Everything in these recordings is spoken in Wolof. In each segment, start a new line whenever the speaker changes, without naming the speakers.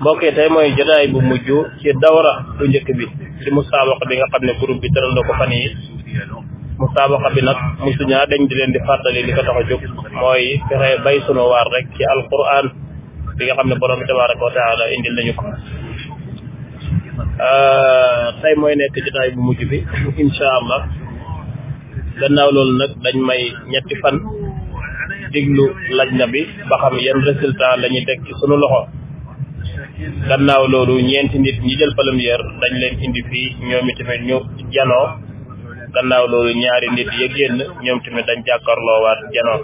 mbokk tay moy jotaay bu mujj ci dawra lu ñëk bi ci musabaqa bi nga xamne groupe bi tëral na ko fan yi musabaqa bi nak musuña dañ di leen di fatali li ko taxo a moy mooy bay sunu war rek ci alquran bi nga xamne borom tabaaraku taala indi lañu ko euh, tay moy nekk jotaay bu mujj bi inshallah gannaaw lool nak dañ may ñetti fan diglu lajna bi ba xam yeen resultat lañu tek ci suñu loxo gannaaw loolu ñeenti nit ñi jël palmière dañ leen indi fii ñoom itamit ñu janoo gannaaw loolu ñaari nit ya génn ñoom tamit dañ jàkkarloo waat janoo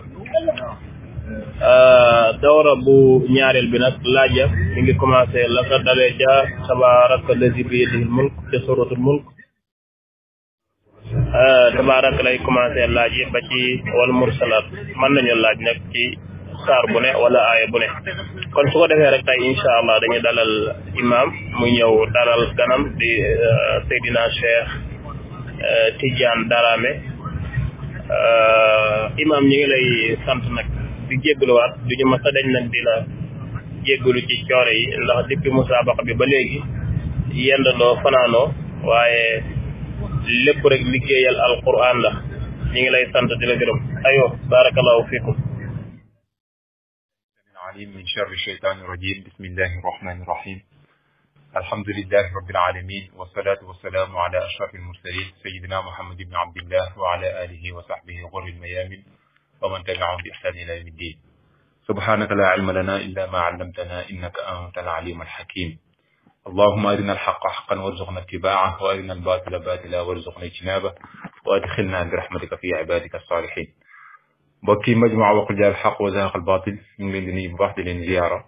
dawra bu ñaareel bi nag laaja mi ngi commencé la ko dalee ja tabaraka lazi bi yadihil mulk ca suratul mulk tabaraka lay commencé laaj ba ci wal mursalat mën nañu laaj nag ci saar bu ne wala aaya bu ne kon su ko defee rek tey incha allah dañuy dalal imam mu ñëw dalal ganam di euh, Seydina Cheikh euh, Tidiane Darame euh, imam ñu ngi lay sant nag di jégaluwaat du ñu mës a dañ nag di la jéggalu ci coore yi ndax depuis musaabaqa bi ba léegi yendandoo fanaanoo waaye lépp rek liggéeyal alquran la ñu ngi lay sant di la gërëm barakallahu fiikum
العليم من شر الشيطان الرجيم بسم الله الرحمن الرحيم الحمد لله رب العالمين والصلاة والسلام على أشرف المرسلين سيدنا محمد بن عبد الله وعلى آله وصحبه غر الميامين ومن تبعهم بإحسان إلى يوم الدين سبحانك لا علم لنا إلا ما علمتنا إنك أنت العليم الحكيم اللهم أرنا الحق حقا وارزقنا اتباعه وأرنا الباطل باطلا وارزقنا اجتنابه وأدخلنا برحمتك في عبادك الصالحين mbokki majmaa waqul jaal xaq wa zaaq al batil ñu ngi leen di nuyu bu baax di leen ziyaara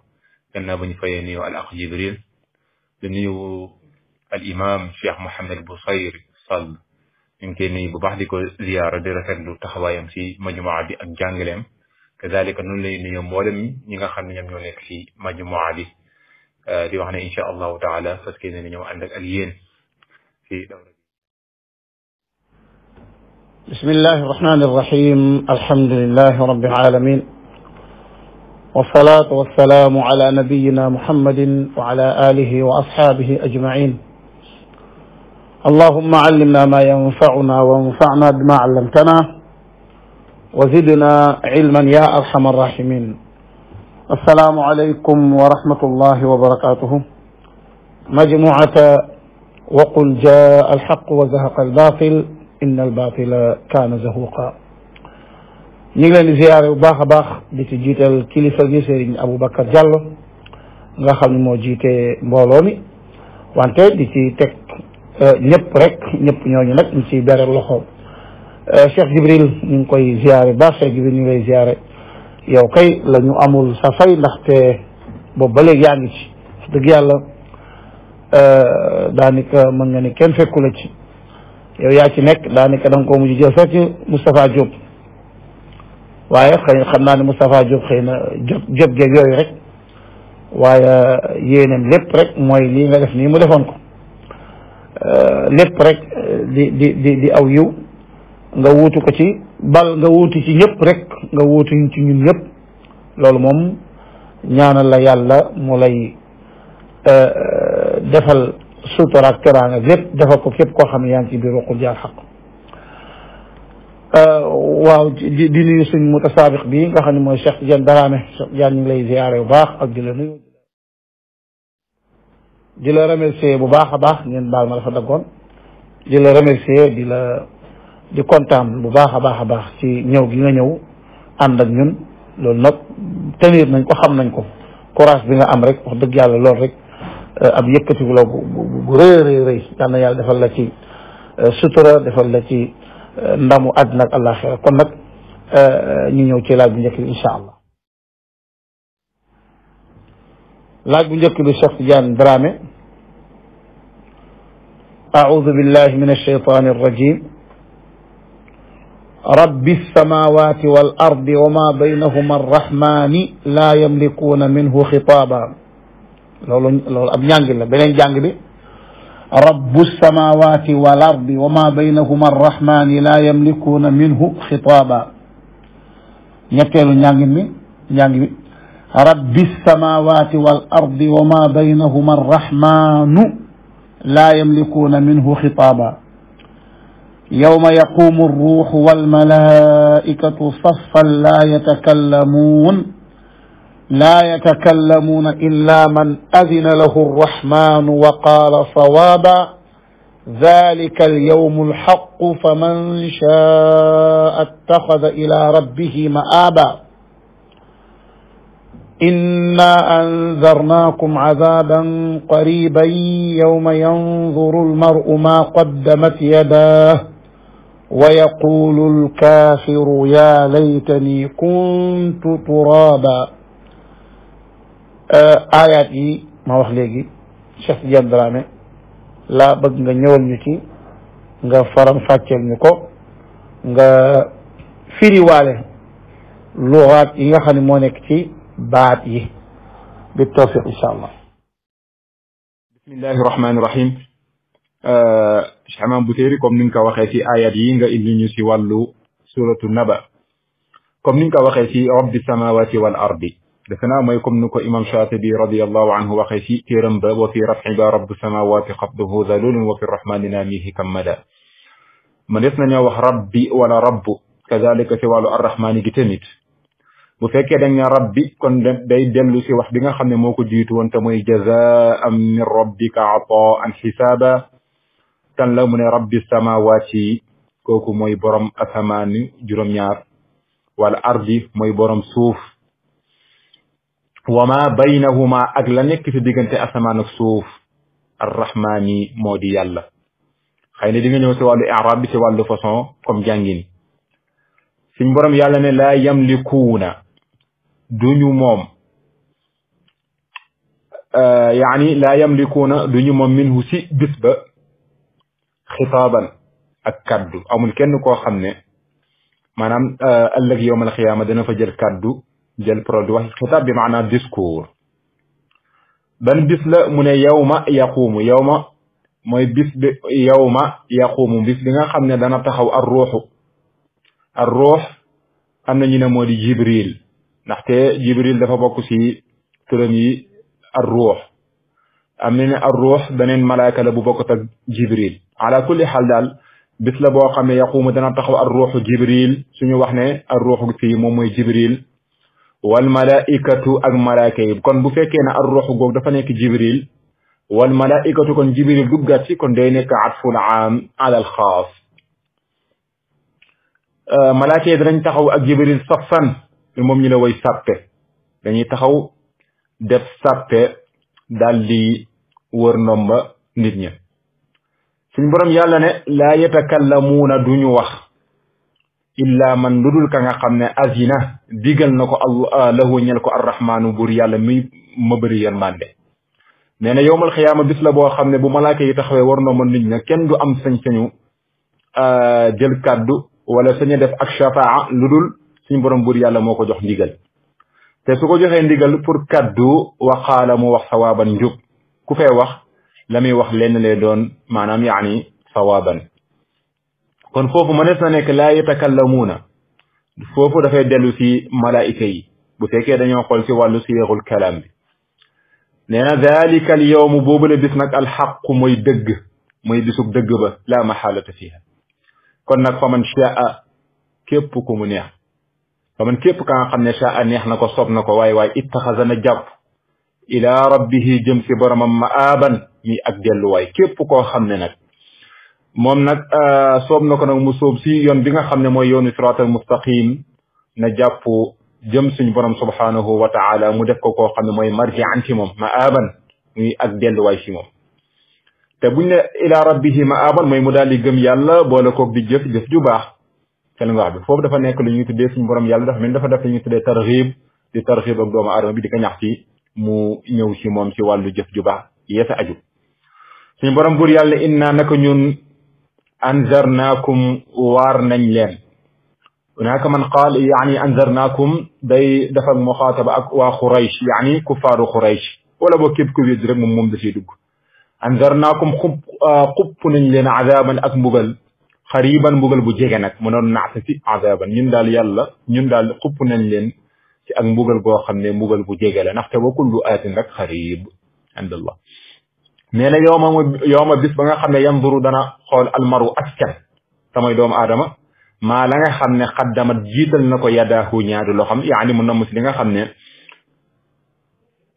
gannaaw ba ñu fayee nuyu al aq jibril di nuyu al imam cheikh mohammed Bousayri Sall ñu ngi koy nuyu bu baax di ko ziyaara di rafetlu taxawaayam si majmaa bi ak jàngaleem kazalika noonu lay nuyu mboolem ñi nga xam ne ñoom ñoo nekk si majmaa bi di wax ne incha allahu taala fas kee ne ñoo ànd ak ak yéen si dawra
بسم الله الرحمن الرحيم الحمد لله رب العالمين والصلاة والسلام على نبينا محمد وعلى آله وأصحابه أجمعين اللهم علمنا ما ينفعنا وانفعنا بما علمتنا وزدنا علما يا أرحم الراحمين السلام عليكم ورحمة الله وبركاته مجموعة وقل جاء الحق وزهق الباطل inna albatila kaana zahuqa ñu ngi leen di ziyaare bu baax a baax di ci jiital kilifa gi Serigne Aboubacar Diallo nga xam ne moo jiite mbooloo mi wante di ci teg euh, ñëpp rek ñëpp ñooñu nag ñu ci beral loxo euh, Cheikh Jibril ñu ngi koy ziyaare baax Cheikh Jibril ñu ngi lay ziyaare yow kay la ñu amul sa fay ndaxte boobu ba léegi yaa ngi ci wax dëgg yàlla euh, daanaka mën nga ni kenn fekku la ci yow yaa ci nekk daanaka da nga koo mujj jël ci Moustapha Diop waaye xëy xam naa ne Moustapha jóob xëy na Diop Diop geeg yooyu rek waaye uh, yéeneen lépp rek mooy lii nga def nii mu defoon ko uh, lépp rek uh, di di di aw yiw nga wuutu ko ci bal nga wuutu ci ñëpp rek nga wuutuñ ci ñun ñëpp loolu moom ñaanal la yàlla mu lay defal sutura ak teraanga lépp dafa ko képp koo xam ne yaa ngi ci biir waqul jaar xaq euh, waaw di di nuyu suñ mutasaabiq bi nga xam ne mooy Cheikh Diène Daraame Cheikh Diène ñu lay ziare bu baax ak di la nuyu di la remercier bu baax a baax ngeen baal ma dafa daggoon di la remercier di la di kontaan bu baax a baax a baax ci ñëw gi nga ñëw ànd ak ñun loolu nag tenir nañ ko xam nañ ko courage bi nga am rek wax dëgg yàlla loolu rek ab yëkkatiku la bu re re re rëy yal yàlla defal la ci sutura defal la ci ndamu adna ak àllaaxira kon nak ñu ñëw ci laaj bu ñëk insha allah laaj bu ñëk bi Cheikh Tidiane Dramé أعوذ بالله من الشيطان الرجيم رب السماوات والأرض وما بينهما الرحمن لا يملكون منه خطابا لولو لولو اب نيانغي لا رب السماوات والارض وما بينهما الرحمن لا يملكون منه خطابا نيتلو نيانغي مي نيانغي رب السماوات والارض وما بينهما الرحمن لا يملكون منه خطابا يوم يقوم الروح والملائكه صفا لا يتكلمون لا يتكلمون إلا من أذن له الرحمن وقال صوابا ذلك اليوم الحق فمن شاء اتخذ إلى ربه مآبا إنا أنذرناكم عذابا قريبا يوم ينظر المرء ما قدمت يداه ويقول الكافر يا ليتني كنت ترابا aayaat yi ma wax léegi Cheikh Tidiane Dramé laa bëgg nga ñëwal ñu ci nga faram fàcceel ñu ko nga firiwaale luxaat yi nga xam ne moo nekk ci baat yi bi tawfiq incha allah
bismillahi rahmaani rahim Cheikh Amam Boutéri comme ni nga ko waxee ci aayaat yi nga indi ñu si wàllu suratu naba comme ni nga ko waxee ci rabbi samawati wal ardi defe naa mooy comme ni ko imam Shaatibi radiyallahu anhu waxee ci téeram ba wa fi raf'i ba rabbu samawaati qabduhu zalulun wa fi rahmaani naamihi kammada ma des nañoo wax rabbi wala rabbu kazalika ci wàllu arrahmaani gi tamit bu fekkee dañ ne rabbi kon day dellu ci wax bi nga xam ne moo ko jiitu woon te mooy jazaan min rabbika ataan xisaaba kan la mu ne rabbi samawaati kooku mooy borom asamaani juróom-ñaar wala ardi mooy borom suuf وما بينهما أغلنك في ديغنتي أسمان الصوف الرحمن مودي الله خاينا ديغن يوسي والو إعرابي سي والو فصان كم جانجين سنبرم يالني لا يملكون دوني موم آه يعني لا يملكون دوني موم منه سي بسبة خطابا أكدو أو من كنو كو خمني مانام آه يوم القيامة دينا فجر كدو ديال برول دي واحد الخطاب بمعنى ديسكور بل بس لا من يوم يقوم يوم ما بس يوم يقوم بس لنا خمنا دانا تخو الروح الروح أمنا نينا مولي جبريل نحت جبريل دفا بوكسي تلني الروح أمنا الروح بنين ملايكة لبو بوكتا جبريل على كل حال دال بس لبو قام يقوم دانا تخو الروح جبريل سنو وحنا الروح كتي مومي جبريل wal malaikatu ak malaaka kon bu fekkee na ar ruux dafa nekk jibril wal malaikatu kon jibril duggaat ci kon day nekk atful aam ala al xaas euh, malaaka yi danañ taxaw ak jibril safan moom ñu la way sàppe dañuy taxaw def sàppe daldi di wër ndomba nit ñi suñ borom yàlla ne laa yatakallamuuna duñu wax إلا من ندل كان خامن أزينة ديغل نكو الله آه، له نيل كو الرحمن بوري يالا مي مبري يال ماندي نينا يوم الخيام بس لا بو خامن بو ملائكة يتخوي ورنا من نيت نا كين دو ام سن سنيو ا آه، ديل كادو ولا سنيو ديف اك شفاعة ندل سن بروم بوري يالا موكو جوخ ديغل تي سوكو جوخي ديغل بور كادو وقال مو وخ صوابا نجوب كوفي وخ لامي وخ لين لي دون مانام يعني صوابا kon fofu mo mënees nek la yatakallamuna fofu da fay delu si malaika yi bu fekkee dañoo xool si wàllu siyaxul kalam bi nee zalika dalika al yowmu boobule bis nag alxaqu mooy deug mooy bisub dëgg ba laa maxaalata fiha kon nak faman sha'a kep ku mu neex faman kep ka xamne sha'a neex nako sop nako way way ittakhazna jab ila na jàpp ilaa rabbihi jëm si boromam mi ak delu way kep ko xamne nak mom nak soom nako nak nag mu soob si yon bi nga xamne moy yonu siratal mustaqim na jàpp jëm suñ borom subhanahu wa taala mu def ko ko xamne moy marji marjian ci moom ma aban muy ak delluwaay ci mom te buñ ne ila rabbih ma aban mooy mu daal gëm yàlla bo la ko di jëf def ju baax te nga wax bi fofu dafa nek lu ñuy tuddé suñ borom yàlla dafa min dafa def ñuy tuddé tarxiib di tarxiib ak doom aadama bi di ka ñax ci mu ñëw ci mom ci walu jëf ju baax yeesa aju suñ borom bur yàlla inna naka ñun انذرناكم وارنن لين هناك من قال يعني انذرناكم داي دفا مخاطب اك وقريش يعني كفار قريش ولا بوكيب كوي درم موم مم داسي دغ انذرناكم خب آه، قب نن لين عذابا اك مبل خريبا مبل بو جيغي نك منون نعتفي عذابا نين دال يالا نين دال خب نن لين سي اك مبل بو خامني مبل بو جيغي لا خريب عند الله nee na yow ma mu yow ma bis ba nga xam ne yanduru dana xool almaru askan samay doomu aadama maa la nga xam ne xaddamat jiital na ko yadaahu ñaari loxam yaani mu namm si li nga xam ne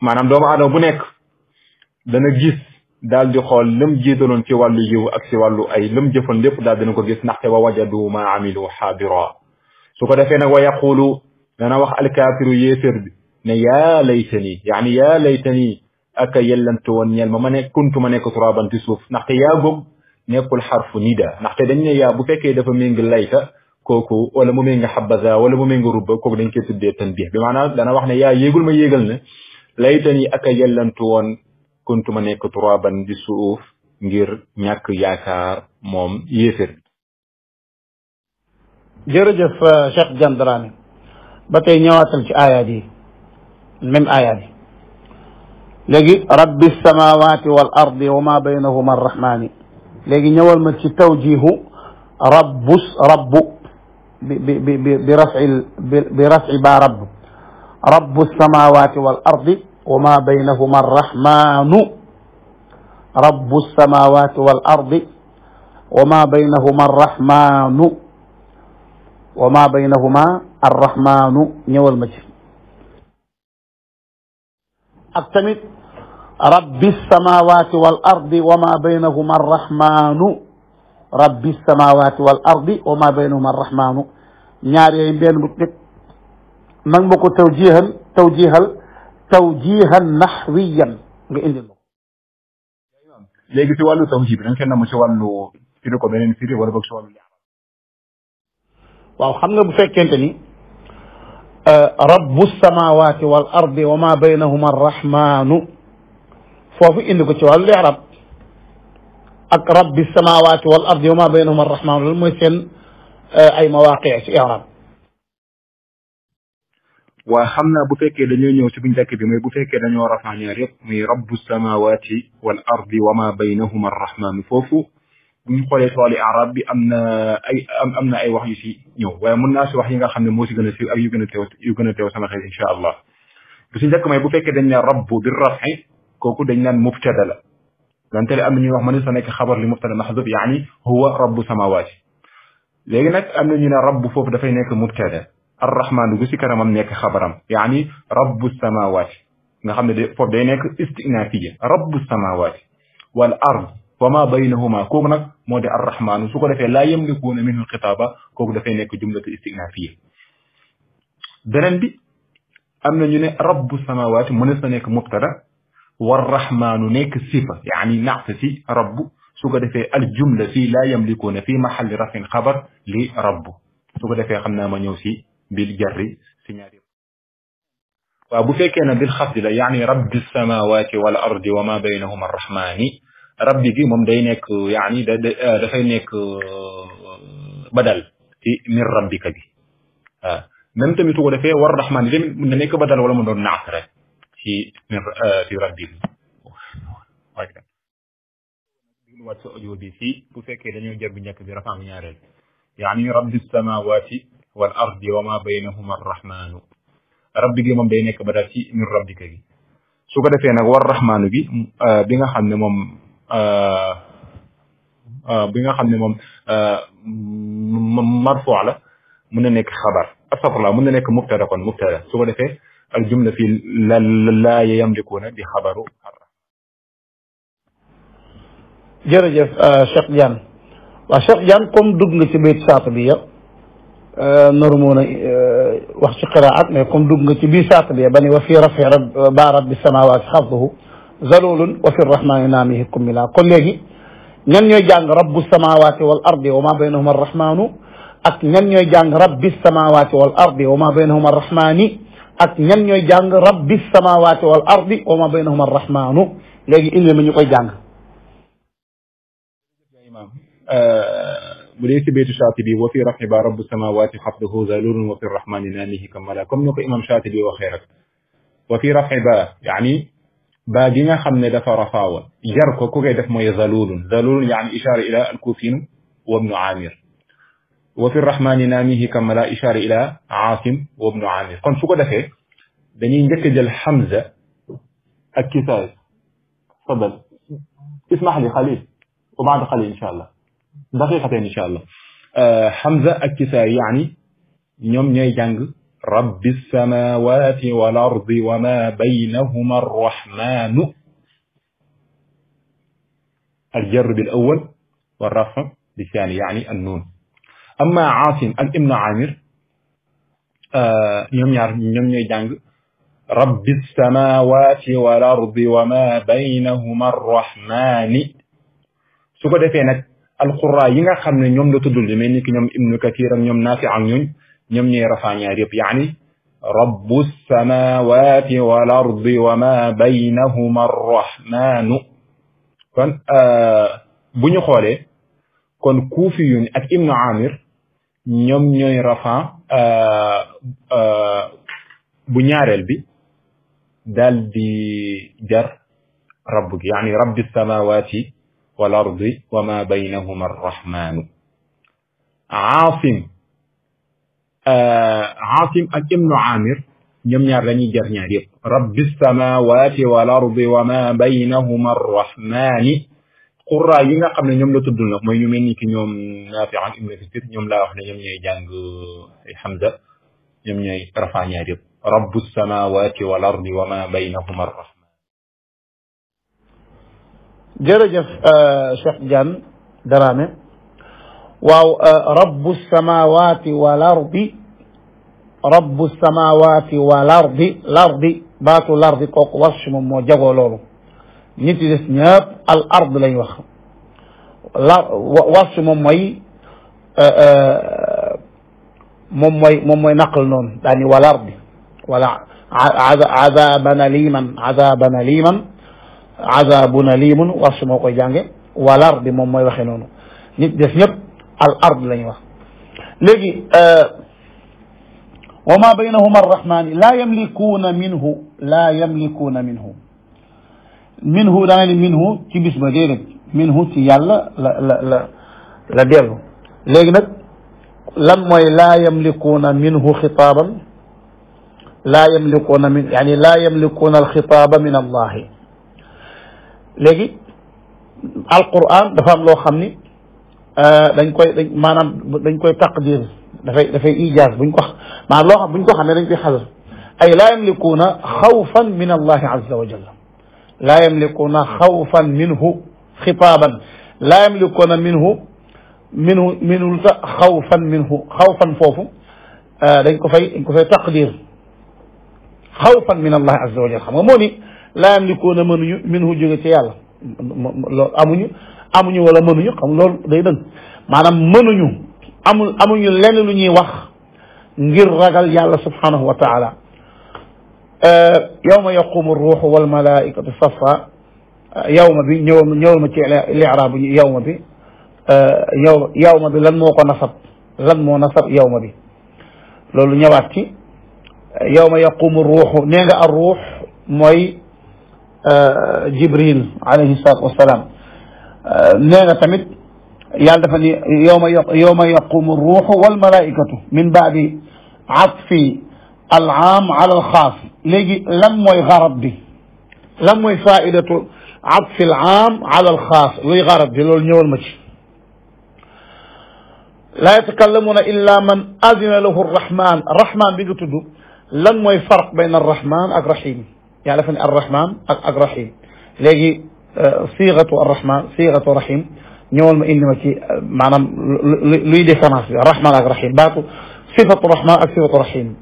maanaam doomu aadama bu nekk dana gis daal di xool lëm jiitaloon ci wàllu yiw ak ci wàllu ay lëm jëfoon lépp daal dina ko gis ndaxte wa wajadu ma amilu xaadira su ko defee nag wa yaqulu dana wax alkaafiru yéefér bi ne yaa laytani yaani yaa laytani aka yellante woon ñeel ma ma ne kuntu ma nekk turaban ci suuf ndaxte yaa góob nekkul xarfu nida ndaxte dañ ne yaa bu fekkee dafa méngi layta kooku wala mu méngi xabaza wala mu méngi rubba kooku dañ koy tuddee tanbih bi maanaam dana wax ne yaa yéegul ma yéegal ne layta ni aka yellantu woon kuntu ma nekk turaban di suuf ngir ñàkk yaakaar moom yéefér
jërëjëf Cheikh Diagne Dramé ba tey ñëwaatal ci aayaat yi même aayaat yi لجي رب السماوات والارض وما بينهما الرحمن لجي نيوال ما توجيه رب رب برفع برفع با رب رب السماوات والارض وما بينهما الرحمن رب السماوات والارض وما بينهما الرحمن وما بينهما الرحمن نيوال ما ak tamit rabbi samawati wal ardi wa ma baynahuma arrahmanu rabbi samawati wal ardi wa ma baynahuma arrahmanu ñaar yooyu benn bu nekk man ma ko tawjihan tawjihal tawjihan naxwiyan nga
indil ma léegi si wàllu tawjih bi dañ koy namm si wàllu firi ko beneen firi wala boog si wàllu
waaw xam nga bu fekkente ni آه، رب السماوات والارض وما بينهما الرحمن فوفو انكو تي وال رب اك رب السماوات والارض وما بينهما الرحمن المهم سين آه، اي مواقع يا رب
وخمنا بو فكي دانيو نيو سي بنتك بي مي بو فكي دانيو رحمن رب السماوات والارض وما بينهما الرحمن فوفو bu ñu xoolee tool yi arab bi am na ay am am na ay wax yu si ñëw waaye mën naa si wax yi nga xam ne moo si gën a siiw ak yu gën a teew yu gën a teew sama xel incha allah bu si njëkk may bu fekkee dañ ne rabbu bi rafi kooku dañ naan mubtada la donte le am na ñuy wax ma ne sa nekk xabar li mubtada mahdub yaani huwa rabbu samawaati léegi nag am na ñu ne rabbu foofu dafay nekk mubtada arrahmaanu gu si kanamam nekk xabaram yaani rabbu samawaati nga xam ne de foofu day nekk istinafiya rabbu samawaati wal ard وما بينهما كوك نك مودي الرحمن سوكو دافي لا يملكون منه الخطاب كوك دافي نيك جمله استئنافيه بنن بي امنا ني ني رب السماوات من نيك مبتدا والرحمن نيك صفه يعني نعت في رب سوكو دافي الجمله في لا يملكون في محل رفع خبر لرب سوكو دافي خمنا ما نيو سي بالجر سي وابو فيك انا بالخفض يعني رب السماوات والارض وما بينهما الرحمن rabbi gi moom day nekk yaani da dafay nekk badal ci min rabbika bi waaw même tamit su ko defee war rahmaan yi wala mu doon naat rek ci min ci rabbi bi waaj digluwaat sa audio bi fii bu fekkee dañoo jër bi njëkk bi rafa am ñaareel yaani rabbi samawati wal ardi wa ma baynahuma arrahmanu rabbi gi moom day nekk badal ci min rabbika bi su defee nag war rahmaanu bi nga xam ne moom bi nga xamne mom moom marfuu la mën na khabar xabar la mën na nekk mubtada kon mubtada su ko defé al jumla fi la yamlikuna bi khabaru xabaru jërëjëf Cheikh jan wa Cheikh
jan kom dug nga ci bayt sat bi ya naru moon a wax ci qiraat mais kom dug nga ci bi sat bi ya ba wa fi rafi rab baa rabbi samawaati xafdahu ذلول وفي الرحمن نامه كملا قل لي نن جان رب السماوات والأرض وما بينهما الرحمن أك نن جان رب السماوات والأرض وما بينهما الرحمن أك نن جان رب السماوات والأرض وما بينهما الرحمن
لي إلي من يقول جان بليس بيت شاطبي وفي رحب رب السماوات حفظه ذلول وفي الرحمن نامه كملا كم نقول إمام شاطبي وخيرك وفي رحب يعني ba gi nga xam ne dafa rafaawa jar ko ku koy def mooy zalulun zalulun yaani ishaara ila alkufinu wa ibnu amir wa fi rahmani naamihi kamala ishaara ila asim wa ibnu amir kon su ko defee dañuy njëkk jël hamza ak kisaay tafadal اسمح li خليل wa خليل ان insha allah دقيقتين insha allah الله ak الكسائي يعني نيوم نياي jàng رب السماوات والأرض وما بينهما الرحمن الجر بالأول والرفع بالثاني يعني النون أما عاصم ابن عامر آه، ñoom ñaar رب السماوات والأرض وما بينهما الرحمن su ko defee nag alquraa yi nga xam ne ñoom la tuddul li mel ñoom ñooy rafaa ñaar yëpp yaani rabbu samawati wal ardi wa ma baynahuma arrahmanu kon bu ñu xoolee kon kuufiyun ak ibnu amir ñoom ñooy rafaa bu ñaareel bi daal di jar rabbu gi yaani rabbi samawati wal ardi wa ma baynahuma arrahmanu aasim عاصم ak ibnu amir ñoom ñaar lañuy jar ñaar yëpp rabbi samawati wal ardi wa ma baynahuma arrahmani qurra yi nga xam ne ñoom la tudd nag mooy ñu mel ni ki ñoom naafi ak ibnu kasir ñoom laa wax ne ñoom ñooy jàng ay hamza ñoom ñooy rafa ñaar yëpp rabbu samawati wal ardi wa ma baynahuma arrahman
jërëjëf Cheikh Diane Darame waaw euh, rabbu samawati wal ardi rabbu samawati wal ardi lardi baatu lardi kooku warsh moom moo jagoo loolu nit yi des ñëpp al ard lañ wax la warsh moom mooy euh, euh, moom mooy moom mooy naqal noonu daani wal ardi wala azabana liman azabana liman azabuna limun warsh moo koy jànge wal ardi moom mooy waxe noonu nit des ñëpp الارض لن يرى لجي وما بينهما الرحمن لا يملكون منه لا يملكون منه منه لا يملك يعني منه تي بسم ديرك منه تي يلا لا لا لا ديرو لجي نك لما لا يملكون منه خطابا لا يملكون من يعني لا يملكون الخطاب من الله لجي القران دا فام لو خامني dañ koy dañ maanaam dañ koy taqdir dafay dafay ijaaz buñ ko maanaam loo xam buñ ko xamee dañ koy xadar ay laa yamlikuuna xawfan min allahi azza wa jalla laa yamlikuuna xawfan minhu xitaaban laa yamlikuuna minhu minhu minhu ta xawfan minhu xawfan foofu dañ ko fay dañ ko fay taqdir xawfan min allahi azza wa jalla xam nga moo ni laa yamlikuuna mënuñu minhu jóge ci yàlla amuñu amuñu wala mënuñu xam lool day dëng maanaam mënuñu amul amuñu lenn lu ñuy wax ngir ragal yàlla subhanahu wa taala yawma yaqumu ruuxu wal malaikatu safa yawma bi ñëwal ñëwal ma ci li'raab yawma bi yow yawma bi lan moo ko nasab lan moo nasab yawma bi loolu ñëwaat ci yawma yaqumu ruuxu nee nga ar ruux mooy jibril alayhi salaatu wasalaam نينا تمت يال يوم يوم يقوم الروح والملائكة من بعد عطف العام على الخاص ليجي لم موي دي لم موي فائدة عطف العام على الخاص لي غرض دي لول نيول ماشي لا يتكلمون إلا من أذن له الرحمن الرحمن بيجي تدو لم موي بين الرحمن أك يعني فني الرحمن أك ليجي صيغه الرحمن صيغه رحيم نيول انما كي معنى لي ديفرنس الرحمن الرحيم باتو صفه الرحمن صفه الرحيم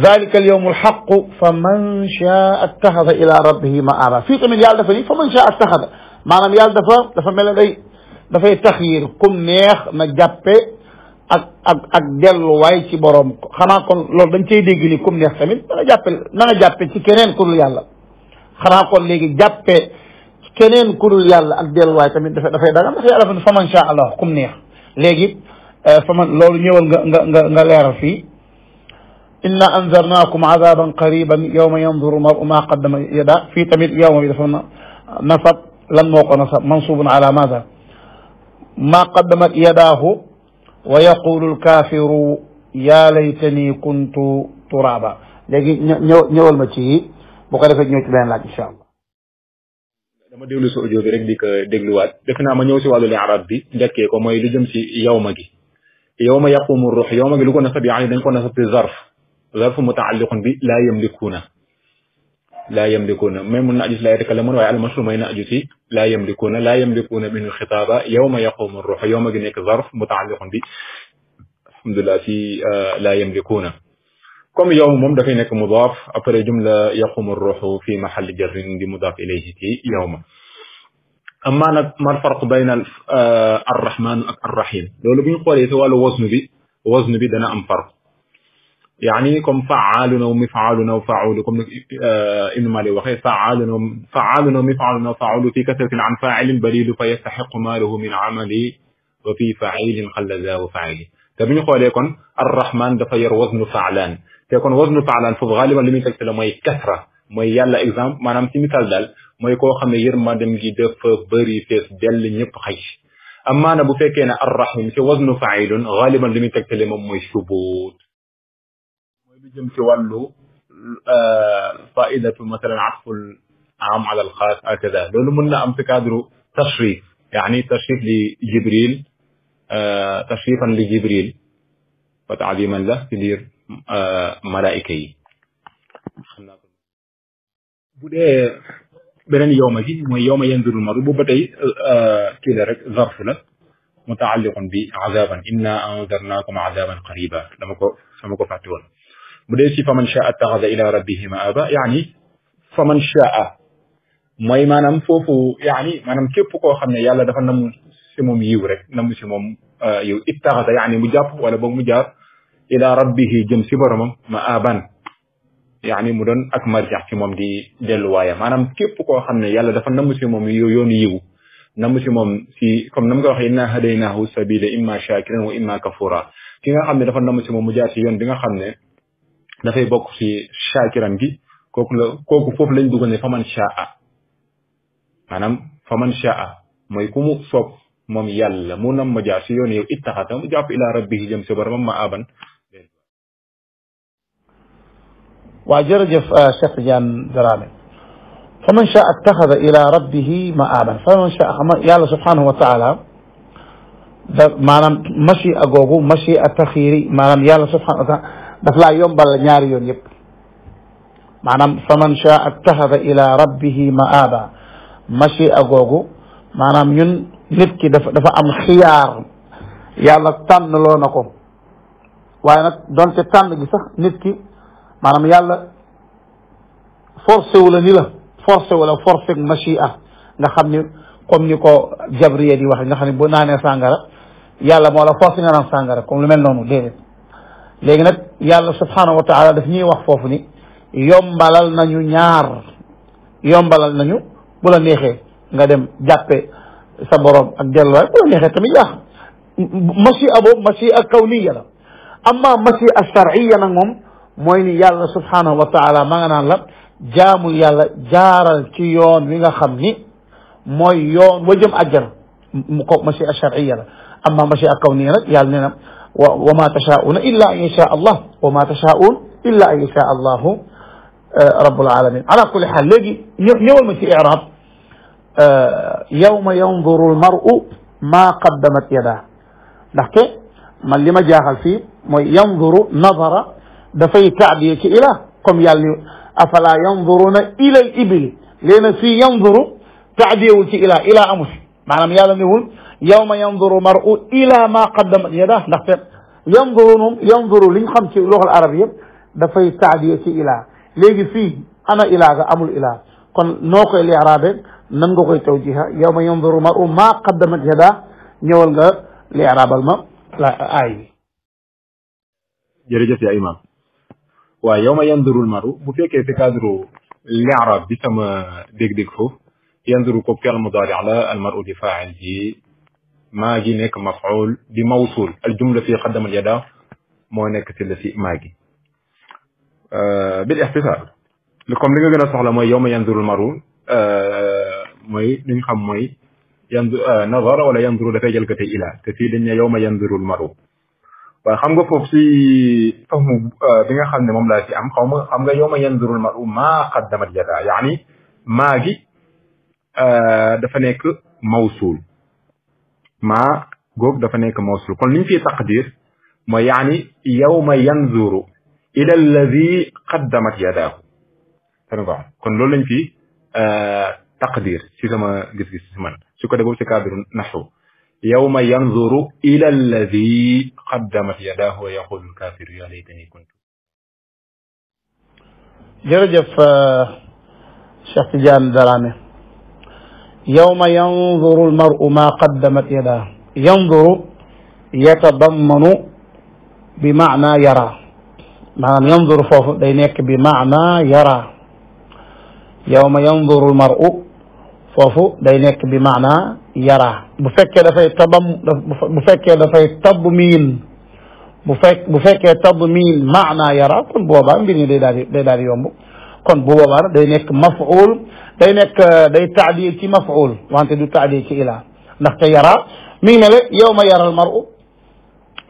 ذلك اليوم الحق فمن شاء اتخذ الى ربه ما ارى في تمن يال دفلي فمن شاء اتخذ معناها يال دفا دفا مل دي دفا تخير كوم نيخ ما جابي اك اك اك ديل واي سي بوروم خنا كون لول دنجي ديغلي كوم نيخ تامين نانا جابي ما جابي سي كينين كول يالا xanaa kon léegi jàppee keneen ku dul yàlla ak delluwaay tamit dafay dafay dagan dafay àlla fa man sha allah kum neex léegi euh, fa man loolu ñëwal nga nga nga nga leeral fii inna anzarnaakum azaban qariban yawma yanzuru maru ma qaddama yada fii tamit yawma bi dafa nasab lan moo ko nasab mansubun ala maada ma qaddamat yadaahu wa yaqulu alkafiru ya laytani kuntu turaba léegi ñëwal ma ci bu ko defee ñëw ci beneen laaj incha allah
dama déglu sa audio bi rek di ko dégluwaat def naa ma ñëw si wàllu li arab bi ndekkee ko mooy lu jëm si yawma gi yawma yaqumu ruux yawma gi lu ko nasab yaani dañ ko nasab si zarf zarf mutaalliqun bi laa yamlikuuna laa yamlikuuna même mun na aju si laa yatakallamuun waaye almashru may na aju si laa yamlikuuna laa yamlikuuna min xitaaba yawma yaqumu ruux yawma gi nekk zarf mutaalliqun bi alhamdulillah si laa yamlikuuna كم يوم موم دافاي نيك مضاف ابري جمله يقوم الروح في محل جر بمضاف اليه في يوم اما ما الفرق بين آه، الرحمن الرحيم لو بين خولي سي وزن بي وزن بي دنا ام فرق يعني كم فعالنا ومفعالنا وفعولكم ابن آه، مالي وخي فعالنا فعالنا ومفعالنا وفعول في كثرة عن فاعل بليل فيستحق ماله من عملي وفي فعيل خلذا وفعيل تبني خواليكم الرحمن دفير وزن فعلان fekkoon war nu taalaan foofu xaaliban li muy tegtale mooy kasra mooy yàlla exemple maanaam ci misaal daal mooy koo xam ne yërmandem gi dafa bëri fees dell ñëpp xëy amaana bu fekkee ne arrahim ci wasnu failun xaaliban li muy tegtale moom mooy subut mooy lu jëm ci wàllu faidatu masalan atful am ala alxaas akada loolu mën na am ci cadre tashrif يعني تشريف لجبريل آه تشريفا لجبريل وتعظيما له تدير malaika yi bu dé benen yoma ji moy yoma yanzurul maru bu batay ki la rek zarf la متعلق بعذاب انا انذرناكم عذابا قريبا لما كو سما كو فاتي وون بودي شاء اتخذ الى ربه مآبا يعني فمن شاء موي مانام فوفو يعني مانام كيب كو خامني يالا دا فا نام سي يو رك يعني مجاب ولا بو ila rabbihi jëm si boromam ma aban yaani mu doon ak marjax ci moom di delluwaayam maanaam képp koo xam ne yàlla dafa namm si moom yoonu yiwu namm si moom si comme nam nga waxee inna hadaynahu sabila imma shakiran wa imma kafura ki nga xam ne dafa namm si moom mu jaar si yoon bi nga xam ne dafay bokk si shakiran gi kooku la kooku foofu lañ dugal ne faman shaa maanaam faman shaa mooy ku mu soob moom yàlla mu nam ma jaar si yoon yow ittaxata mu jàpp ila rabbihi jëm si boromam ma aban waa jërëjëf euh, Cheikh Tidiane Dramé fa man chaa ittaxada
ila rabbihi ma'aaban fa man chaa xam nga yàlla subhaanahu wa taala da maanaam machi a googu machi a taxiiri maanaam yàlla subhaanahu wa taala daf laa yombal ñaari yoon yëpp maanaam fa man chaa ittaxada ila rabbihi ma'aaban machi a googu maanaam ñun nit ki dafa dafa am xiyaar yàlla tànn loo na ko waaye nag donte tànn gi sax nit ki. maanaam yàlla force wu la ni la forcé wu la forcé machia nga xam ni comme ni ko jabriya di waxe nga xam ne boo naanee sàngara yàlla moo la forcé nga naan sàngara comme lu mel noonu déedéet léegi nag yàlla subhanahu wa taala daf ñuy wax foofu ni yombalal nañu ñaar yombalal nañu bu neexee nga dem jàppe sa borom ak delluwaay bu la neexee tamit yaa xam machia boobu machia kawniya la amma machia charia nag moom mooy ni yàlla subhanahu wa taala ma nga naan la jaamul yàlla jaaral ci yoon wi nga xam ni mooy yoon wa jëm àjjana mu ko machia charia la amma machia kawniya nag yàlla nee na wa wa ma tashauna illa an yasha allah wa ma tashaun illa an yasha allahu rabbul alamin ala kulli xaal léegi ñëwal ma ci irab yawma yanzuru almaru ma qaddamat yadaa ndaxte man li ma jaaxal fii mooy yanzuru nadara دفاي كعبي الى قم يالي افلا ينظرون الى الابل لان في ينظر تعديه الى الى امر معنى يالي هون يوم ينظر مرء الى ما قدم يده نختم ينظرون ينظر لين خمسة اللغه العربيه دفاي تعديه الى لجي في انا الى هذا امر الى كون نوكو الاعراب نانغوكو توجيها يوم ينظر مرء ما قدم يده نيولغا
الاعراب الماء لا اي
جرجت يا امام
waaye yow ma yanduru maru bu fekkee si cadre li'rab bi sama dégg-dégg foofu yanduru ko fi'l mudaari ala al maru di faa'il ji maa gi nekk maf'ul di mawsul al jumla fi qaddama al yada moo nekk si la si maa gi bil ixtisaar comme li nga gën a soxla mooy yow ma yanduru maru mooy li ñu xam mooy yandu nazara wala yanduru dafay jël ko tey ila te fii dañ ne yow ma yanduru maru waaye xam nga foofu si fahmu bi nga xam ne moom laa ci am xaw ma xam nga yow ma yanzurul maru maa qaddamat yada yaani maa gi dafa nekk mawsul maa goog dafa nekk mawsul kon liñ fi taqdir mooy yaani yow ma yanzuru ila alladi qaddamat yadaahu nga kon loolu lañ fi taqdir si sama gis-gis si man su ko defoo si cadre naxu يوم ينظر إلى الذي قدمت يداه ويقول الكافر يا ليتني كنت
جرجف آه، شيخ جان درامي يوم ينظر المرء ما قدمت يداه ينظر يتضمن بمعنى يرى معنى ينظر فوف دينيك بمعنى يرى يوم ينظر المرء فوف دينيك بمعنى yara bu fekkee dafay tadam bu fekkee dafay tadmiin bu fekk bu fekkee tadmiin maanaa yara kon bu boobaa mbir ñi day daal di day daal di yomb kon bu boobaa day nekk mafuul day nekk day taadil ci mafuul wante du taadil ci ilaa ndaxte yara mi ngi ne la yow maru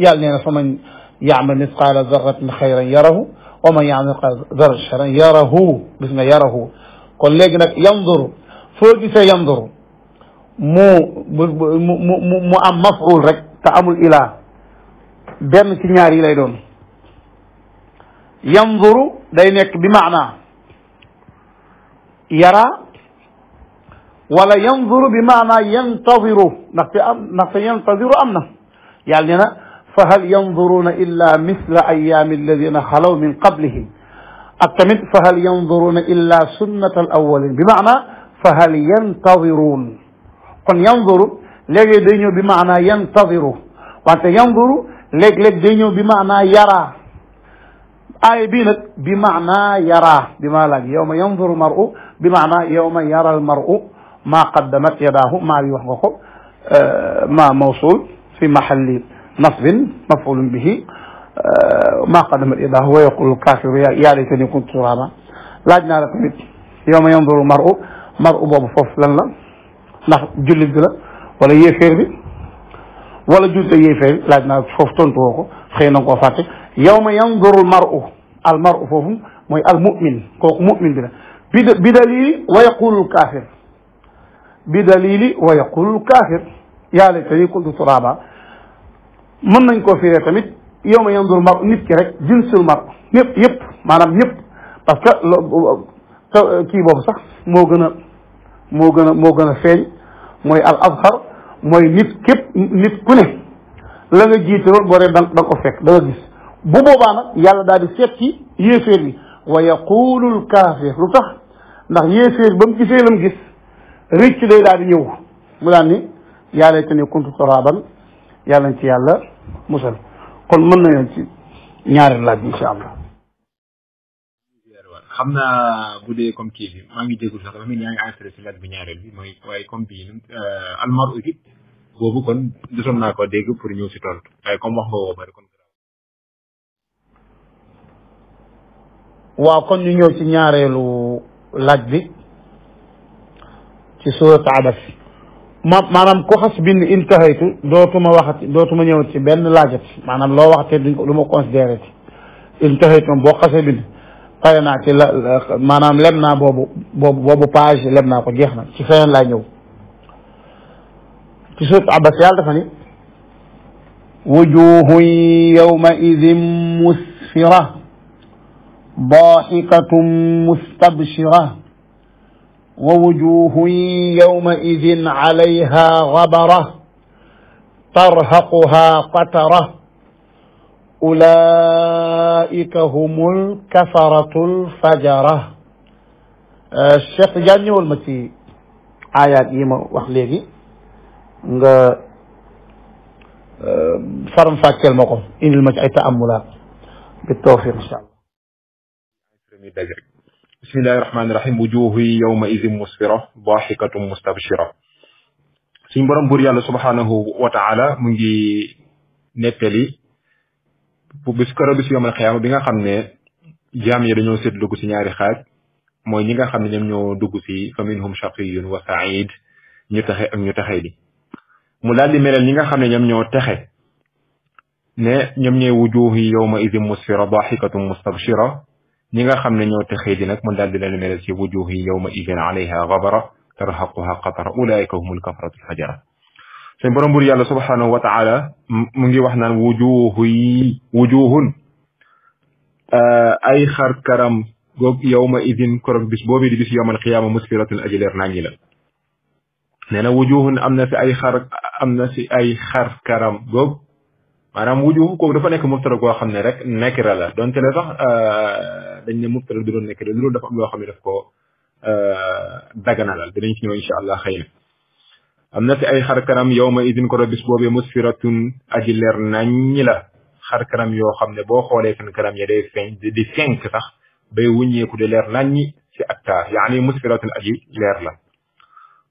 yàlla nee na fa man yaamal misqaala yarahu wa man yaamal misqaala sharran yarahu gis nga yarahu kon léegi nag yanzuru foo gisee yanzuru mu mu mu am maful rek te amul ilaa benn ci ñaar yi lay doon yanzuru day nekk bi maana yara wala yanzuru bi maana yantaziru ndaxte am ndaxte yantaziru am na yàlla nee na fa hal yanzuruna illa misla ayyaami alladina xalaw min qablihim ak tamit fa hal yanzuruna illa sunnata al awwalin bi maana fa hal yantaziruun kon yanzuru leg leg day ñëw bi maana yantaziru wante yanzuru leg leg day ñëw bi maana yara ay bi nak bi maana yara bi maa laaj yawma yanzuru maru bi maanaa yawma yara al maru ma qaddamat yadahu ma bi wax nga ko ما موصول في محل نصب مفعول به ما قدم yadaahu wa yaqulu lkafiru yaa laytani kuntu turaba laaj naa la tamit yawma yanzuru maru maru لن foofu ndax jullit bi la wala yéeféer bi wala jullit ak yéeféer bi laaj naa foofu tontu woo ko xëy na koo fàtte yow ma yanduru al maru al maru foofu mooy al mu'min kooku mu'min bi la bi dalili wa yaqulu al kafir bi dalili wa yaqulu al kafir yaa laytani kuntu turaba mën nañ koo firee tamit yow ma yanduru al maru nit ki rek jinsul maru ñëpp yëpp maanaam ñëpp parce que kii boobu sax moo gën a مو جانا فيل موي الأظهر موي نيت كيب نيت كوني لا جيتون بوري دان دان كو فيك دا غيس بو بوبا نا يالا دادي سيتي ييفير بي ويقول الكافر لوتخ دا ييفير بام كيسه لام غيس ريتش لي دادي نيو مو دان ني يالا تاني كنت ترابا يالا نتي يالا مسل كون من نيو سي نياري لاج ان شاء الله
xam naa bu dee comme kii bi maa ngi déglu sax dafa mel ni bi mooy waaye comme bii num almar utit naa ko dégg pour ñëw si tontu waaye comme wax nga woo kon
waaw kon ñu ñëw ci ñaareelu laaj bi ci surat adaf ma maanaam ku xas bind intahaytu dootuma waxati dootuma ñëw ci benn laajat maanaam loo waxatee duñ ko du ma considéré ci intahaytu moom boo xasee bind xëy naa ci la maanaam lem naa boobu boobu boobu page lem naa ko jeex na ci feneen laa ñëw ci suuf abbas yàlla dafa ni wujuhun yawma idin musfira ضاحكة مستبشرة ووجوه يومئذ عليها غبرة ترهقها قترة أولئك هم الكفرة الفجرة الشيخ آه، جاني والمتي آيات إيما وخليجي نغا آه، فرم فاكي المقوم إن المجعي تأملا بالتوفيق إن شاء الله
بسم الله الرحمن الرحيم وجوه يومئذ مسفرة ضاحكة مستبشرة سيمبرم بوريال سبحانه وتعالى منجي نتلي bu bis koro bis yomal xiyaama bi nga xamne ne ya dañu set seet ci ñaari xaj moy ñi nga xamne ñam ñoo dugg ci faminhum minhum shaqiyun wa said ñu taxe ak ñu taxe di mu dal di melal ñi nga xamne ñam ñoo taxe ne ñam ñe wujuhi yawma idhim musfira daxikatum mustabshira ñi nga xamne ñoo taxe di nak mu dal di leen melal ci wujuhi yawma idin alayha ghabara tarhaquha qatar ulaika humul kafaratu hajara suñ borom bur yàlla subhanahu wa taala mu ngi wax naan wujuhu yi wujuhun ay xar karam goog yowma idin korog bis boobi di bis yowmal qiyaama musfiratun aji leer naa ñi la nee na wujuhun am na si ay xar am na si ay xar karam goog maanaam wujuhu kooku dafa nek muftara go xamne rek nek ra la donte le sax dañ ne muftara du nek nakira lolu dafa am loo xam daf ko euh daganalal dinañ ci ñëw inshallah xeyna xëy am na fi ay xar kanam yawma idin ko bis boobee musfiratun aji leer naññ la xar kanam yoo xam ne boo xoolee seen kanam ya day feeñ di fenk sax bay wuññeeku di leer naññ ci ak taar yaani musfiratun aji leer la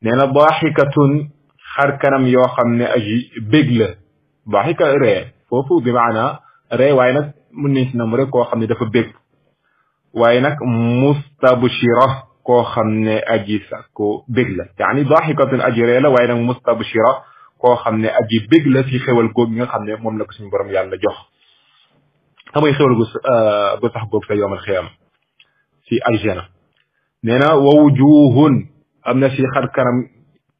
nee na daaxikatun xar kanam yoo xam ne aji bég la daaxika ree foofu bi maana ree waaye nag mun nañ si nam rek koo xam ne dafa bég waaye nag mustabshira koo xam ne aji sàkko bég la yaani daxikatun aji ree la waaye nag mustabshira koo xam ne aji bég la si xewal góog gi nga xam ne moom la ko suñu borom yàlla jox xamuy xewal gu gu sax góog sa yoomal xiyam si aljana nee na wa wujuhun am na si xar kanam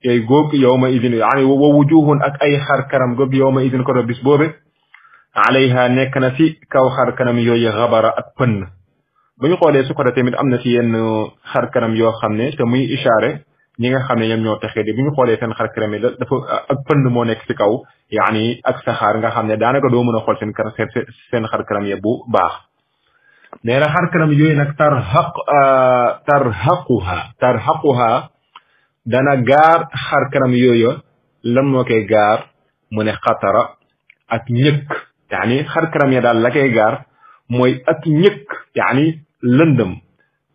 ay góog yowma idin yaani wa wujuhun ak ay xar kanam góog yowma idin ko do bis boobe alayha nekk na si kaw xar kanam yooyu xabara ak pënn buñu xolé su ko defee tamit amna ci yenn xar kanam yo xamne te muy ishare ñi nga xamne ñam ñoo taxé di buñu xolé xoolee seen xar kanam la dafa ak pënd mo nekk ci kaw yaani ak saxar nga xamne da naka do mëna xol xool seen kar seen xar kanam ye bu baax neena xar kanam yooyu nag tarhaq tarhaquha tarhaquha dana gar xar kanam yoyo lam mo kay gar mu ne khatara ak ñëkk yaani xar kanam ya dal la kay gar moy ak ñëkk yaani lëndëm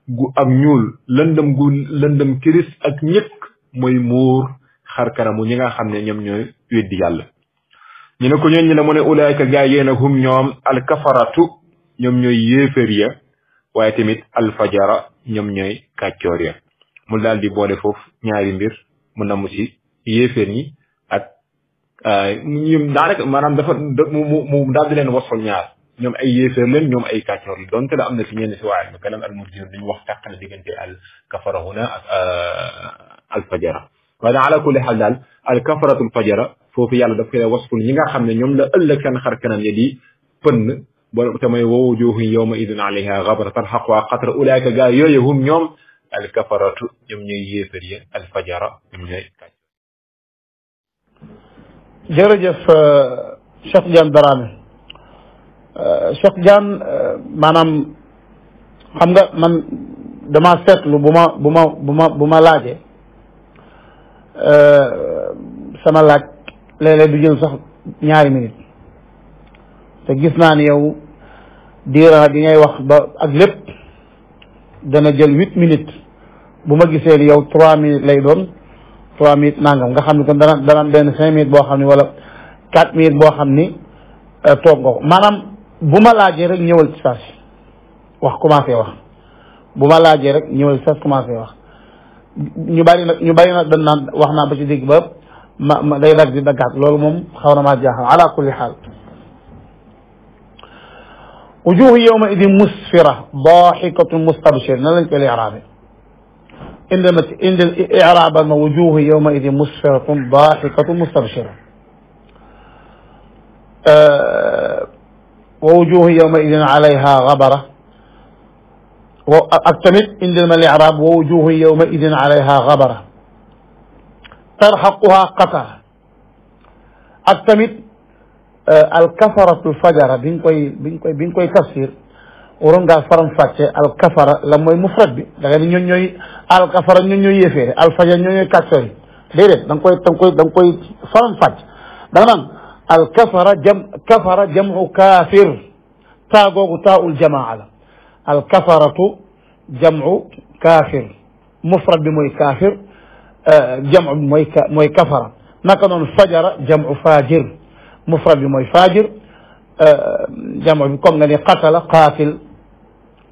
gu ak ñuul lëndëm gu kiris ak ñëkk mooy muur xar kanamu ñi nga xam ne ñoom ñooy weddi yàlla ñu ne ko ñooñu ne mu ne ulaayka gaa yéen ak hum ñoom alkafaratu ñoom ñooy yéeféer ya waaye tamit alfajara ñoom ñooy kàccoor ya mu daal di boole foofu ñaari mbir mu namm ci yéeféer ñi ak daal euh, daanaka maanaam dafa mu mu daal di leen wasol ñaar ñom ay yéeféer lañ ñom ay kàccoor la donte la amna ci ñen ci si waa ilmu kalam al murjir ñu wax takal digënté al kafara huna ak al fajara wa da ala kulli hal dal al kafara al fajara fofu yàlla daf koy wasful ñi nga xamne ñom ñoom la ëllëg sen xar kanam ya di bo ba tamay wo wujuhu yawma idin alayha ghabra gabra tarxaqwa qatra ulaayka gaa yooyu hum ñoom al kafaratu ñom ñooy yéeféer ya al fajara
ñoom ñooy kàcc
jërëjëf Cheikh jandarane Euh, Cheikh Diagne euh, maanaam xam nga man dama seetlu bu ma bu ma bu ma bu ma laajee euh, sama laaj léeg-léeg du jël sax ñaari minutes te gis naa ni yow diira gi ngay wax ba ak lépp dana jël huit minutes bu ma gisee ni yow trois minutes lay doon trois minutes nangam nga xam ni kon dana dana benn cinq minutes boo xam ni wala quatre minutes boo xam ni toog nga ko maanaam buma laaje rek ñëwal ci saa wax kuma commencé wax buma laaje rek ñëwal ci kuma si wax ñu bari nak ñu bari nak dañ naan wax naa ba ci dégg ba day rag di dagat lolu mom xawna ma jaxal ala kulli hal وجوه yawma idin musfira daxikatun mustabshir nan الإعراب عندما عند الإعراب ma indi iraabal مسفرة ضاحكة مستبشرة
idin
wa wujuhun yawmaidin alayha gabara wa ak tamit indil ma li'raab wa wujuhun yawmaidin alayha gabara tarhaquha qatar ak tamit alkafaratu fajara bi nga koy bi nga koy bi nga koy tafsir waroon ngaa faram fàcce alkafara la mooy mufrad bi da nga ni ñoom ñooy alkafara ñoom ñooy yéeféere alfajar ñoom ñooy kàccoor yi déedéet da nga koy da nga koy da nga koy faram fàcc da nga naan الكفر جم كفر جمع كافر تاغو تاء الجماعة الكفرة جمع كافر مفرد بموي كافر آه، جمع موي كفر نكن فجر جمع فاجر مفرد بموي فاجر آه، جمع بكم قتل قاتل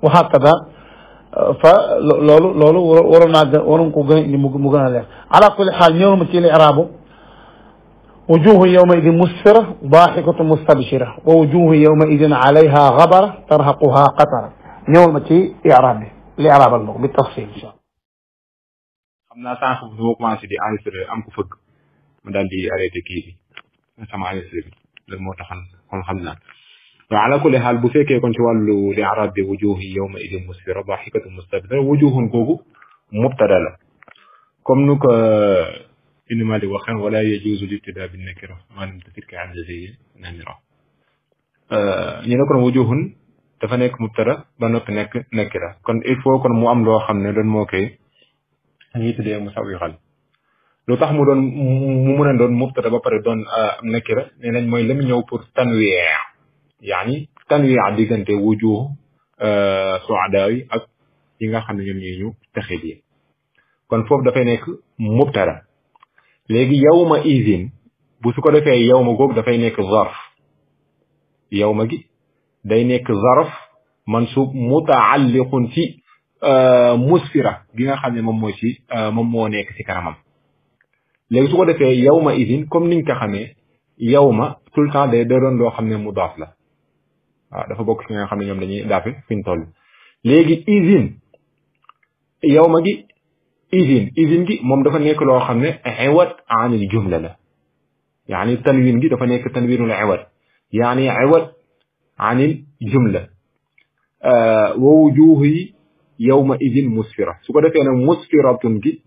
وهكذا فلولو لولو ورنا ورن كو على كل حال نيوم تي الاعراب وجوه يومئذ مسفرة ضاحكة مستبشرة ووجوه يومئذ عليها غبرة ترهقها قطرة يوم تي إعرابي لإعراب اللغة بالتفصيل إن شاء الله
خمنا سانخ فوق ما سيدي آيسر أم كفق مدال دي أريد كي سمع آيسر للموت خل خل خمنا وعلى كل حال بفيك يكون شوال لإعراب وجوه يومئذ مسفرة ضاحكة مستبشرة وجوه كوكو مبتدلة كم نوك في نمال وخان ولا يجوز الابتداء بالنكرة ما لم تترك عن جزية نامرة آه ينكر يعني وجوه تفنك مبترة بانوك نكرة كن إفو كن مؤم لو خمنا لن موكي نيتدى مساوي غال لو تخمو دون ممونا دون مبترة بابر دون آه نكرة نينان موي لم يو بور تنويع يعني تنويع ديغان léegi yawma izin bu su ko defee yawma góog dafay nekk zarf yawma gi day nekk zarf mansub mutaalliqun ci euh, musfira gi nga xam ne moom mooy ci euh, moom moo nekk ci kanamam léegi su ko defee yawma izin comme niñ ko xamee yawma tout le temps day doon loo xam ne mudaaf la waaw dafa bokk ci nga xam ne ñoom dañuy daafe fi ñu toll léegi izin yawma gi إذن idin gi moom dafa نيك لو xam عوض عن الجملة لا يعني التنوين دي gi dafa nekk tanwinul iwat يعني عوض عن الجملة آه ووجوه إذن مسفرة سكرة أنا مسفرة تنجي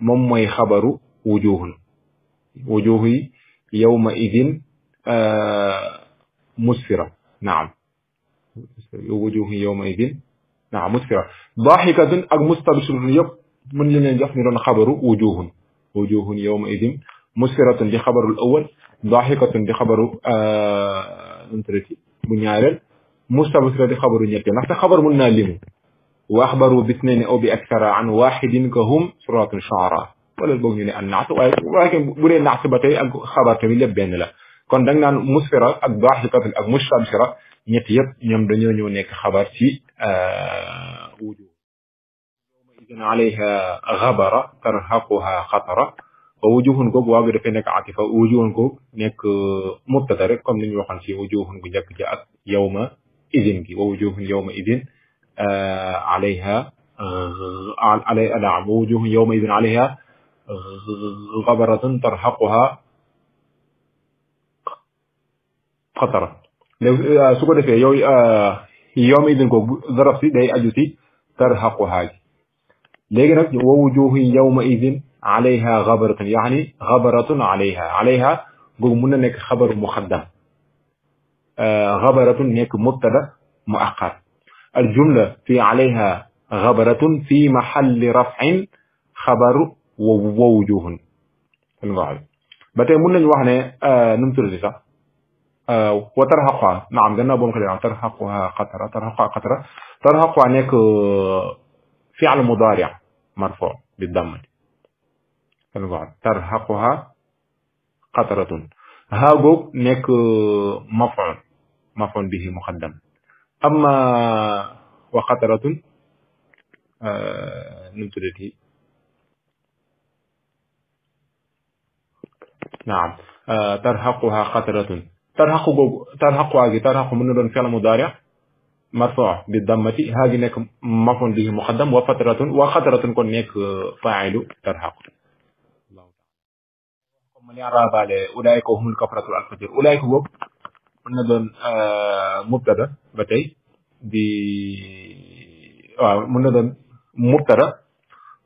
مما خبر وجوه وجوه إذن آه مسفرة نعم وجوه إذن نعم مسفرة ضاحكة أو مستبشرة يب من لين جاف نرى خبر وجوه وجوه يومئذ مسفرة دي خبر الأول ضاحكة دي خبر انترتي آه، بنيارل مستبصرة دي خبر نيتي نحن خبر من نالين وأخبروا باثنين أو بأكثر عن واحد كهم صراط شعراء ولا البوني لأن نعت ولكن بولي نعت بتي خبر كميل بين لا كون دعنا مسفرة الضاحكة المستبصرة نيتي يوم دنيو نيك خبر في آه، وجوه كان عليها غبرة ترهقها خطرة ووجوه نكو بواب دفن نك عاطفة ووجوه نكو نك مبتدر كم نمي وقال شيء وجوه نكو جاك جاءت يوم إذن ووجوه آه، آه، آه، نعم. يوم إذن عليها علي نعم وجوه يوم إذن عليها غبرة ترهقها خطرة لو سكون في يوم إذن كو ظرف سيدي أجوتي ترهقها لكن ووجوه يومئذ عليها غبرة يعني غبرة عليها عليها قومنا نك خبر مقدم آه، غبرة نك مبتدا مؤخر الجملة في عليها غبرة في محل رفع خبر ووجوه المعلم بتاع من الوحنة نمتر زيسا آه، وترهقها نعم جنا بوم يعني ترهقها قطرة ترهقها قطرة ترهقها نك آه، فعل مضارع مرفوع بالضمة ترهقها قطرة هاغوك نيك مفعول مفعول به مقدم أما وقطرة آه نمتلته نعم آه ترهقها قطرة ترهق ترهق واجي ترهق من فعل مضارع مرفوع بالضمة هذه نك مفعول به مقدم وفترة وخطرة كن نك فاعل ترهق من يرى بالي أولئك هم الكفرة الفجر أولئك هو ندون آه، مبتدا بتي دي آه، من ندون مبتدا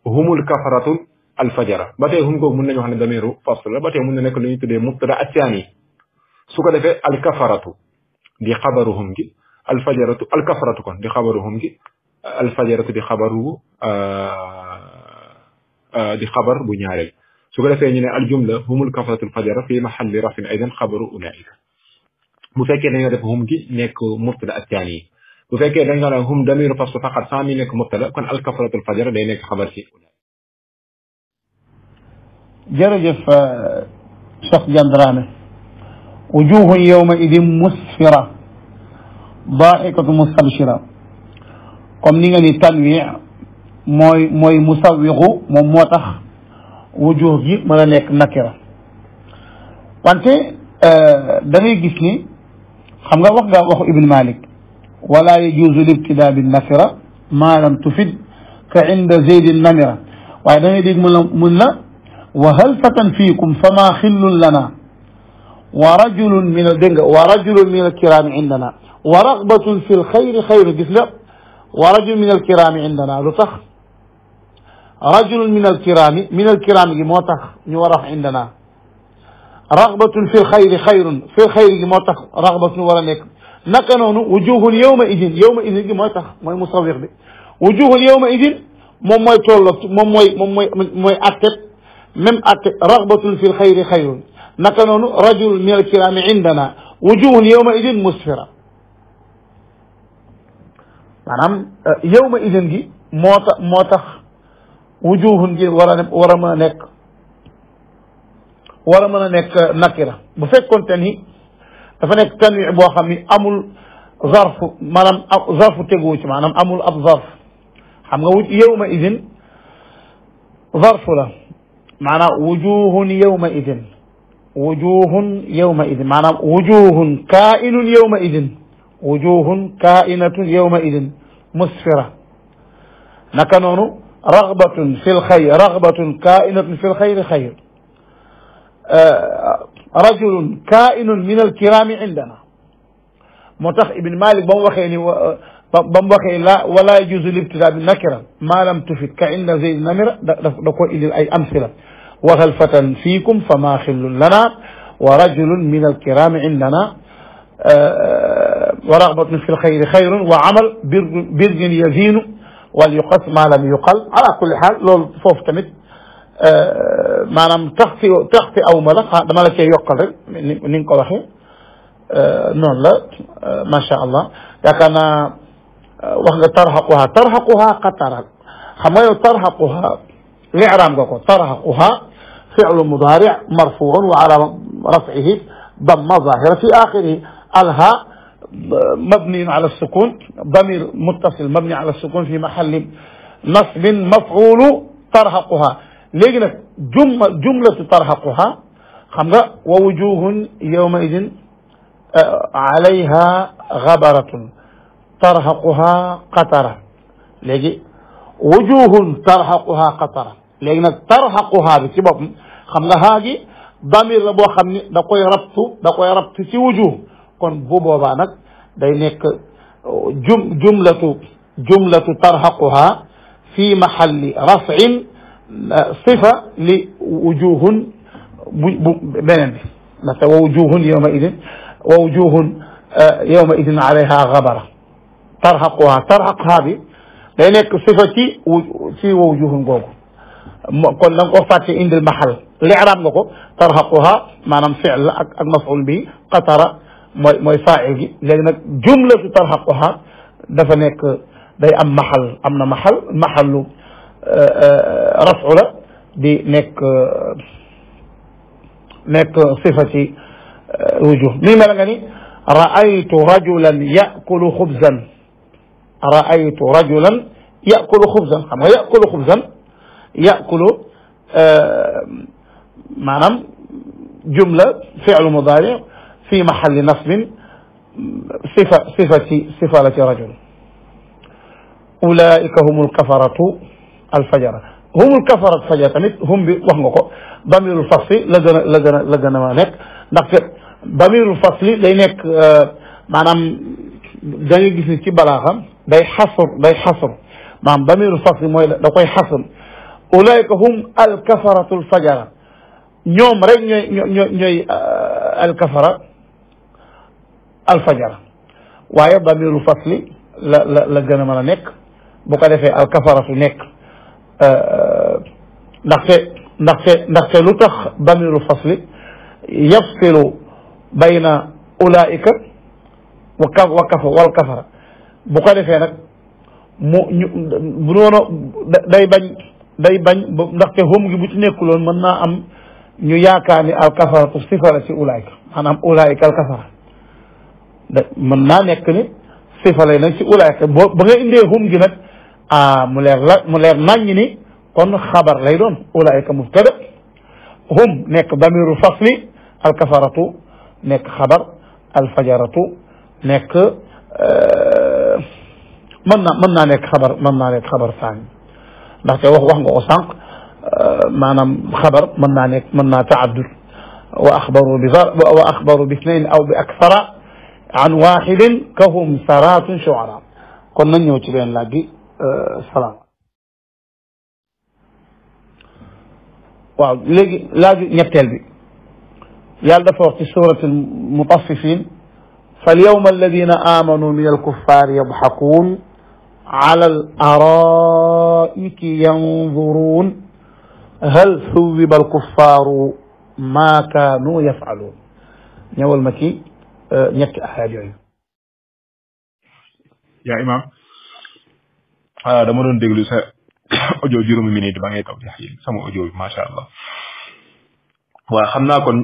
هم الكفرة الفجر بتي هم كم ندون نيو دميرو فصل بتي هم ندون لي تودي مبتدا الثاني سوكو ديفه الكفرة دي خبرهم جي alfajaratu alkafratu kon di xabaruhum gi alfajaratu di xabaru di xabar bu ñaareel su ko defee ñu ne aljumla humul kafratul fajara fi mahalli rafin aydan xabaru ulaika bu fekkee dañoo def hum gi nekk mubtada ak taan yi bu fekkee dañoo ne hum damiru fasl faqat sans mi nekk mubtada kon alkafratul fajara day nekk xabar ci jërëjëf
Cheikh Diane Dramé wujuhun yawma idin musfira daaikatu mustabshira comme ni nga ni tanwi mooy mooy musawwixu moom moo tax wujuh gi mën a nekk nakira wante euh, da ngay gis ni xam nga wax nga waxu ibn malik wala yajuuzu libtidaa bi nakira maa lam tufid ka inda zeydin namira waaye da ngay dégg mun la mun la wa hal fatan fiikum fa maa xillun lana wa rajulun min a dégg nga wa rajulun min alkiraami indana ورغبة في الخير خير قلت له ورجل من الكرام عندنا لطخ رجل من الكرام من الكرام موتخ نورف عندنا رغبة في الخير خير في الخير موتخ رغبة ورنك نكنون وجوه يومئذ يومئذ موتخ ما مصوغ بي وجوه يومئذ moom mooy تولت moom mooy moom mooy مم atteb même atteb ragbatun fi lxayri xayrun naka noonu rajul min alkiraami indana wujuhun yawma idin musfira manam yawma idin gi moo motax wujuhun gi wara wara ma nek wara ma nek nakira bu fekkonte ni dafa nek tanwi bo xamni amul zarf manam zarf tegu ci manam amul ab zarf xam nga yawma idin zarf la maanaam wujuhun yow ma idin wujuhun yow ma idin maanaam wujuhun kainun yow idin وجوه كائنة يومئذ مسفرة نكنون رغبة في الخير رغبة كائنة في الخير خير آه، رجل كائن من الكرام عندنا متخ ابن مالك بم وخيني لا ولا يجوز الابتداء بالنكرة ما لم تفد كعند زيد النمرة نقول إلى أي أمثلة وخلفة فيكم فما خل لنا ورجل من الكرام عندنا آه، آه، ورغبة في الخير خير وعمل بر يزين وليقص ما لم يقل على كل حال لو فوف تمت آه، ما لم تخفي تخفي او ملك هذا ملك يقل من نون لا ما شاء الله لكن وخا ترهقها ترهقها قطرا خما ترهقها الاعرام كوكو ترهقها فعل مضارع مرفوع وعلى رفعه ضم ظاهره في اخره الها مبني على السكون ضمير متصل مبني على السكون في محل نصب مفعول ترهقها لجنة جملة, جملة ترهقها خمرة ووجوه يومئذ آه، عليها غبرة ترهقها قطرة لجي وجوه ترهقها قطرة لجنة ترهقها بسبب خمرة هذه ضمير ربو خمني دقوي ربطو دقوي ربطو في وجوه kon bu boobaa nag day nekk jum jumlatu jumlatu tarhaquha fi mahalli rafin sifa li wujuhun bu beneen bi ndaxte wa wujuhun yowma idin wa wujuhun yowma idin alayha gabara tarhaquha tarhaquha bi day nekk sifa ci ci wa wujuhun googu kon da nga ko fàtte indil mahal li'raab nga ko tarhaquha maanaam fi'l ak ak maf'ul bi qatara موي موي جمله ترهقها دا فا محل امنا محل محل رفع لا صفه وجوه مي رايت رجلا ياكل خبزا رايت رجلا ياكل خبزا ياكل خبزا جمله فعل مضارع في محل نصب صفة, صفة, صفة رجل أولئك هم الكفرة الفجرة هم الكفرة الفجرة هم بوحنقو بامير الفصل لدنا لدنا لدنا ما نك نك بامير الفصل لينك آه، ما نم جاني جسني كي بلاهم داي حصر داي حصر ما بامير الفصل ما يلا دقاي حصر أولئك هم الكفرة الفجرة يوم رجع يوم يوم يوم آه، الكفرة alfajar waaye damiru fasli la la gën a mën a nekk bu ko defee alkafaratu nekk euh, ndaxte ndaxte ndaxte lu tax damiru fasli yafsilu bayna ulaika wa ka wa kafara bu ko defee nag mu ñu bu noonu day bañ day bañ ndaxte hum gi bu ci nekkuloon mën naa am ñu yaakaar ni alkafaratu sifa la ci ulaika maanaam ulaika alkafara من نا نيك ني سيفالاي نا سي اولاي باغا اندي هوم جي نك ا مولير لا مولير ناني ني كون خبر لاي دون اولاي كمبتدا هم نيك ضمير فصل الكفرة نيك خبر الفجرة نيك من من نا خبر من نا خبر ثاني دا تي واخ واخ نكو سانك مانام خبر من نا من نا تعدد واخبروا بضرب واخبروا باثنين او باكثر عن واحد كهم سرات شعراء قلنا نيو تبين لاقي آه، سلام لاقي لاقي نبتل بي يالدا فوقتي سورة المطففين فاليوم الذين آمنوا من الكفار يضحكون على الأرائك ينظرون هل ثوب الكفار ما كانوا يفعلون يا المكي ñetti axaat yooyu.
yaa imaam dama doon déglu sa audio juróomi minute ba ngay taw di sama audio bi macha allah waaw xam naa kon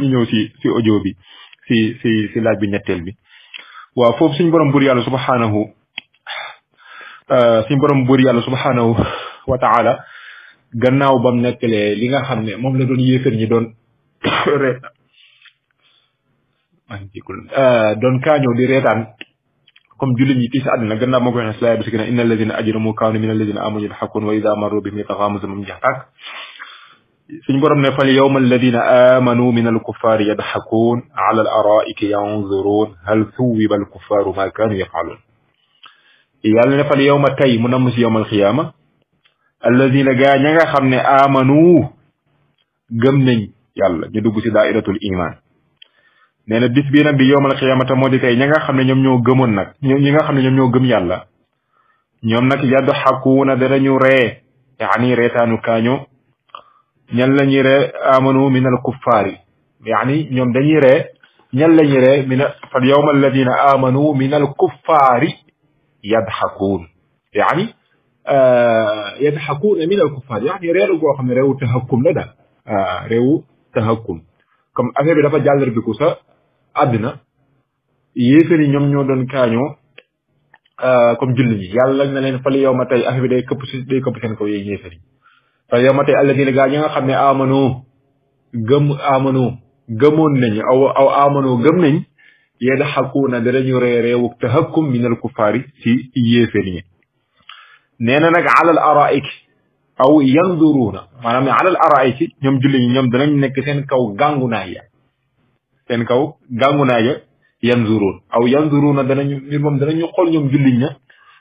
ñu ñëw si si audio bi si si si laaj bi ñetteel bi waaw foofu suñ borom buur yàlla subhaanahu suñ borom buur yàlla subhaanahu wa taala gannaaw bam nekkalee li nga xam ne moom la doon yéefar ñi doon doon kaañoo di reetaan comme jullit yi tii si àddina gannaaw moo koy waxee salaay bi si gën a inna alladina ajramu kaanu min alladina amanu yadxakun wa ida marru bihim yataxaamusun moom jeex tàkk suñ borom ne fal yawma alladina amanu min alkuffari yadxakun ala alaraiki yanzurun hal thuwiba alkuffaru ma kaanu yafalun yàlla ne fal yawma tey mu namm si yawmal xiyaama alladina gaa ña nga xam ne amanu gëm nañ yàlla ñu dugg si daairatul iman neena bis bi nak bi yowmal qiyamata modi kay ñinga xamne ñom ñoo gëmon nak ñi nga xam ne ñoo gëm yàlla ñom ñoom nag yadxakuuna danañu ree yaani reetaanu kaañu ñan ñal ñuy re amanu min al kuffaari yani ñom dañuy re ñal la re min fal yawmal ladina amanu min al kuffaari yadhakun yani yadxakuuna min al kuffaar yaani reelu goo xam ne réewu tahakkum la daal réewu tahakkum comme affaire bi dafa jàllarbiku sa àddina yéeféer yi ñoom ñoo doon kaañoo euh, comme julli ñi yàlla na leen fali yow ma tey affaire bi day këpp si day këpp seen kaw yéen yéeféer yi fali yow ma tey alladina gaa xam ne amano gëm amano gëmoon nañ aw aw amano gëm nañ yéen xakuuna danañu reereewuk tahakkum minal kufaari ci yi nee na nag alal araik aw yanduruuna maanaam ne alal araik ñoom julli ñi ñoom danañ nekk seen kaw gàngunaay ya seen kaw gàngunaay ya yanzuruun aw yanzuruuna danañu mbir moom xool ñoom julliñ ña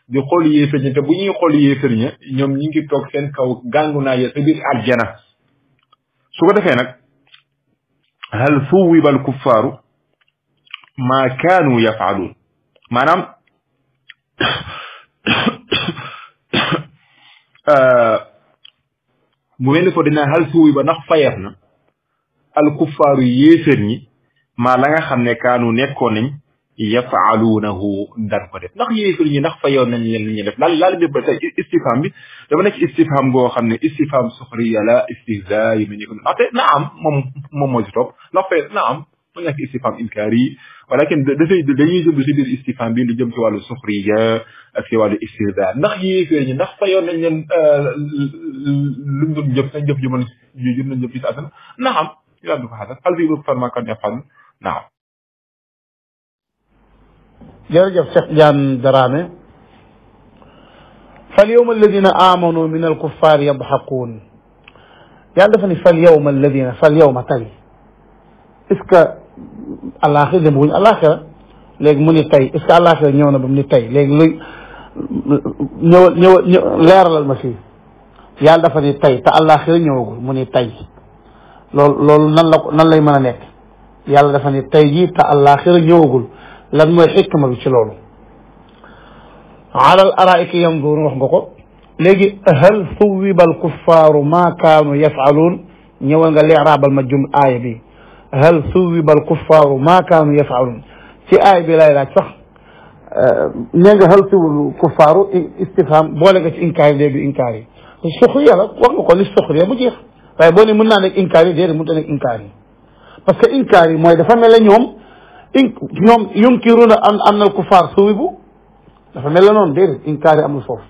di xool yéefar ña te bu ñuy xool yéefar ña ñoom ñi ngi toog seen kaw gàngunaay ya sa biir aljana su ko defee nag hal fuwiba al kuffaaru maa kaanu yafaaluun maanaam euh, mu mel ni ko dina hal fuwiba ndax fayeef na al kuffaaru ñi ما لغا خامني كانو نيكون ني يفعلونه دان كو ديف ناخ ييفل ني ناخ فايو نان لين ني ديف لا لا ديب تاي استفهام بي دا نيك استفهام غو خامني استفهام سخري لا استهزاء من يكون اتي نعم مومو سي توب لا في نعم مو نيك استفهام انكاري ولكن دا سي دا ني جوم سي بير استفهام بي لو جوم سي والو سخري ا سي والو استهزاء ناخ ييفل ني ناخ فايو نان لين لوم دون جوم سي جوم جوم جوم نان جوم في اتنا نعم يلا دو هذا قلبي بفرما كان يفعل waaw. jërëjëf Cheikh Diagne
Darame fal yawma alladina amanu min alkuffar yadxaquun yàlla dafa ni fal yawma alladina fal yawma tey est-ce que àllaaxira dem wuñu àllaaxira léegi mu ni tey est-ce que àllaaxira ñëw na ba mu ni tey léegi luy ñëwal ñëwal leeralal ma fii yàlla dafa ni tey te àllaaxira ñëwagul mu ni tey loolu loolu nan la ko nan lay mën a nekk. yàlla dafa ne tey jii te àllaaxira ñëwagul lan mooy xikma bi ci loolu alal araiki yanduruun wax nga ko léegi hal suwiba alkuffaaru maa kaanu yafaluun ñëwal nga leeraabal ma jum aaya bi hal suwiba alkuffaaru maa kaanu yafaluun ci aaya bi lay laaj sax nee nga hal suwiba alkuffaaru istifhaam boole nga ci inkaar yi léegi inkaar yi suxriya la wax nga ko li suxriya mu jeex waaye boo ne mën naa nekk inkaar yi déedéet mënut a nekk inkaar yi parce que inkaar yi mooy dafa mel ne ñoom in ñoom yunkiruna an an al kuffar suwibu dafa mel ne noonu déedéet inkaar yi amul foofu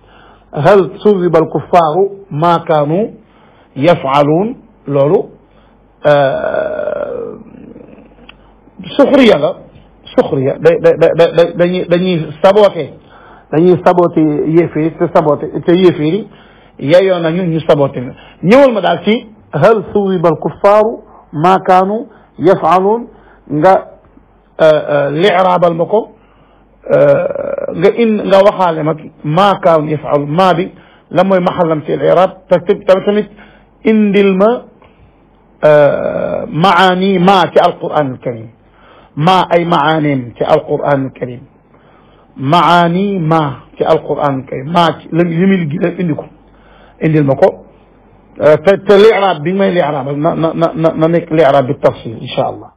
hal suwiba al kuffaaru maa kaanu yafaluun loolu euh, suxriya la suxriya da da da dañuy dañuy saboté dañuy saboté yéeféeri te saboté te yéeféeri yeyoo nañu ñu saboté ñëwal ma daal ci hal suwiba al kuffaaru maa kaanu yafaaluun nga liiraabal ma ko nga in nga waxaale ma maa kaawun yafaalu maa bi lan mooy maxallam ci liraab te tamit indil ma maani maa ci alquran alkarim maa ay maaneem ci alquran alkarim maani maa ci alquran alkarim maa ci la limil gi la indi ko indil ma ko فالاعراب آه، بما الاعراب
نملك الاعراب بالتفصيل ان شاء الله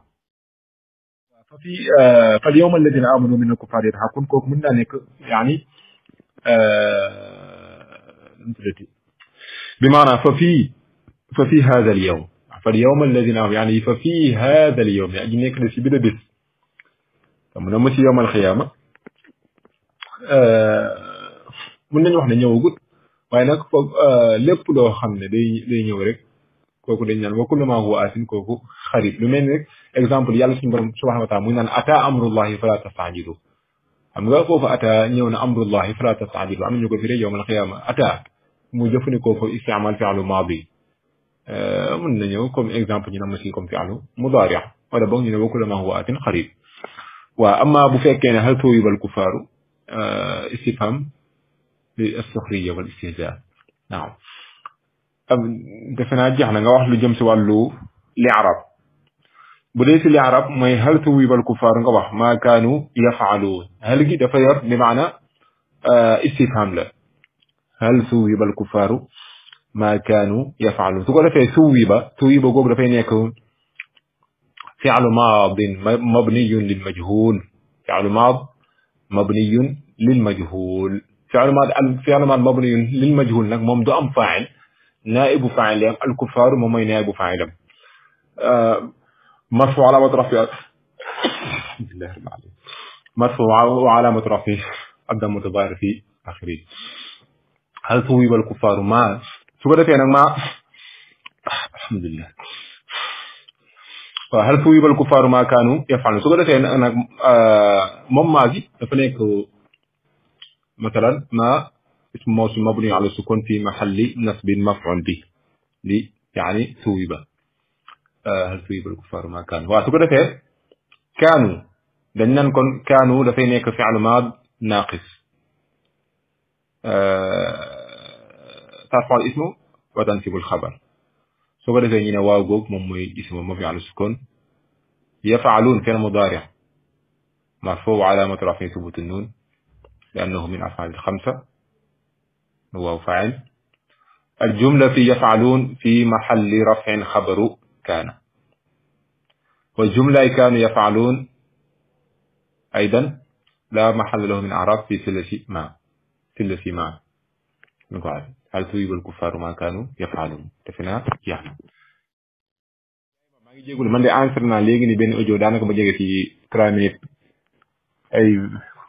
ففي آه، فاليوم الذين امنوا من الكفار يضحكون كوك منا ذلك يعني آه، بمعنى ففي ففي هذا اليوم فاليوم الذين يعني ففي هذا اليوم يعني نيك لسي بدا بس من يوم القيامه من نيو wax ne ñewagut waaye nak fo lépp lo xamne day day ñëw rek koku dañ naan wa kullu ma huwa asin koku kharib lu melni rek exemple yàlla suñu borom subhanahu wa taala muy naan ata amrullahi fala tastajilu am nga fofu ata ñëw na amrullahi fala tastajilu am ñu ko fi rek yowmal xiyaama ata mu jëfandikoo foofu istimal fi'l maadi euh mën na ñëw comme exemple ñu na ma si comme fi'l mudari' wala boog ñu ne wa kullu ma huwa atin kharib wa amma bu fekkee ne hal tuwibal kufaru euh istifham للسخرية والاستهزاء نعم دفنا جعنا نغوح لجمس والو لعرب بديت لعرب ما هل توي بالكفار نغوح ما كانوا يفعلون هل جي دفير بمعنى آه، استفهام له هل توي بالكفار ما كانوا يفعلون تقول في إيه توي با توي با قوب دفين يكون فعل ماض مبني للمجهول فعل ماض مبني للمجهول في علامات في علامات مبني للمجهول نك موم دو ام فاعل نائب فاعل ام الكفار موم نائب فاعل ام آه، مرفوع علامة رفيع بسم الله الرحمن الرحيم مرفوع وعلامة رفيع قدم متضاير في اخره هل ثويب الكفار ما شو بدات انا ما الحمد لله فهل ثويب الكفار ما كانوا يفعلون شو بدات انا آه، مم ماجي دا فنيك مثلا ما اسم موصول مبني على السكون في محل نصب مفعول به لي يعني ثوب آه، هل ثوب الكفار ما كانوا واعتقد كيف كانوا لأن نكون كانوا لفين هيك فعل ماض ناقص آه، ترفع الاسم وتنسب الخبر زي دفين واو جوك ممي اسم مبني على السكون يفعلون كان مضارع مرفوع علامة رفعه ثبوت النون لأنه من أفعال الخمسة هو فعل الجملة في يفعلون في محل رفع خبر كان والجملة كانوا يفعلون أيضا لا محل له من أعراب في سلة ما سلة ما نقول هل ثوب الكفار ما كانوا يفعلون تفنى يعني maa ngi jégul man de enregistré naa léegi ni benn audio daanaka ma jege trois minutes ay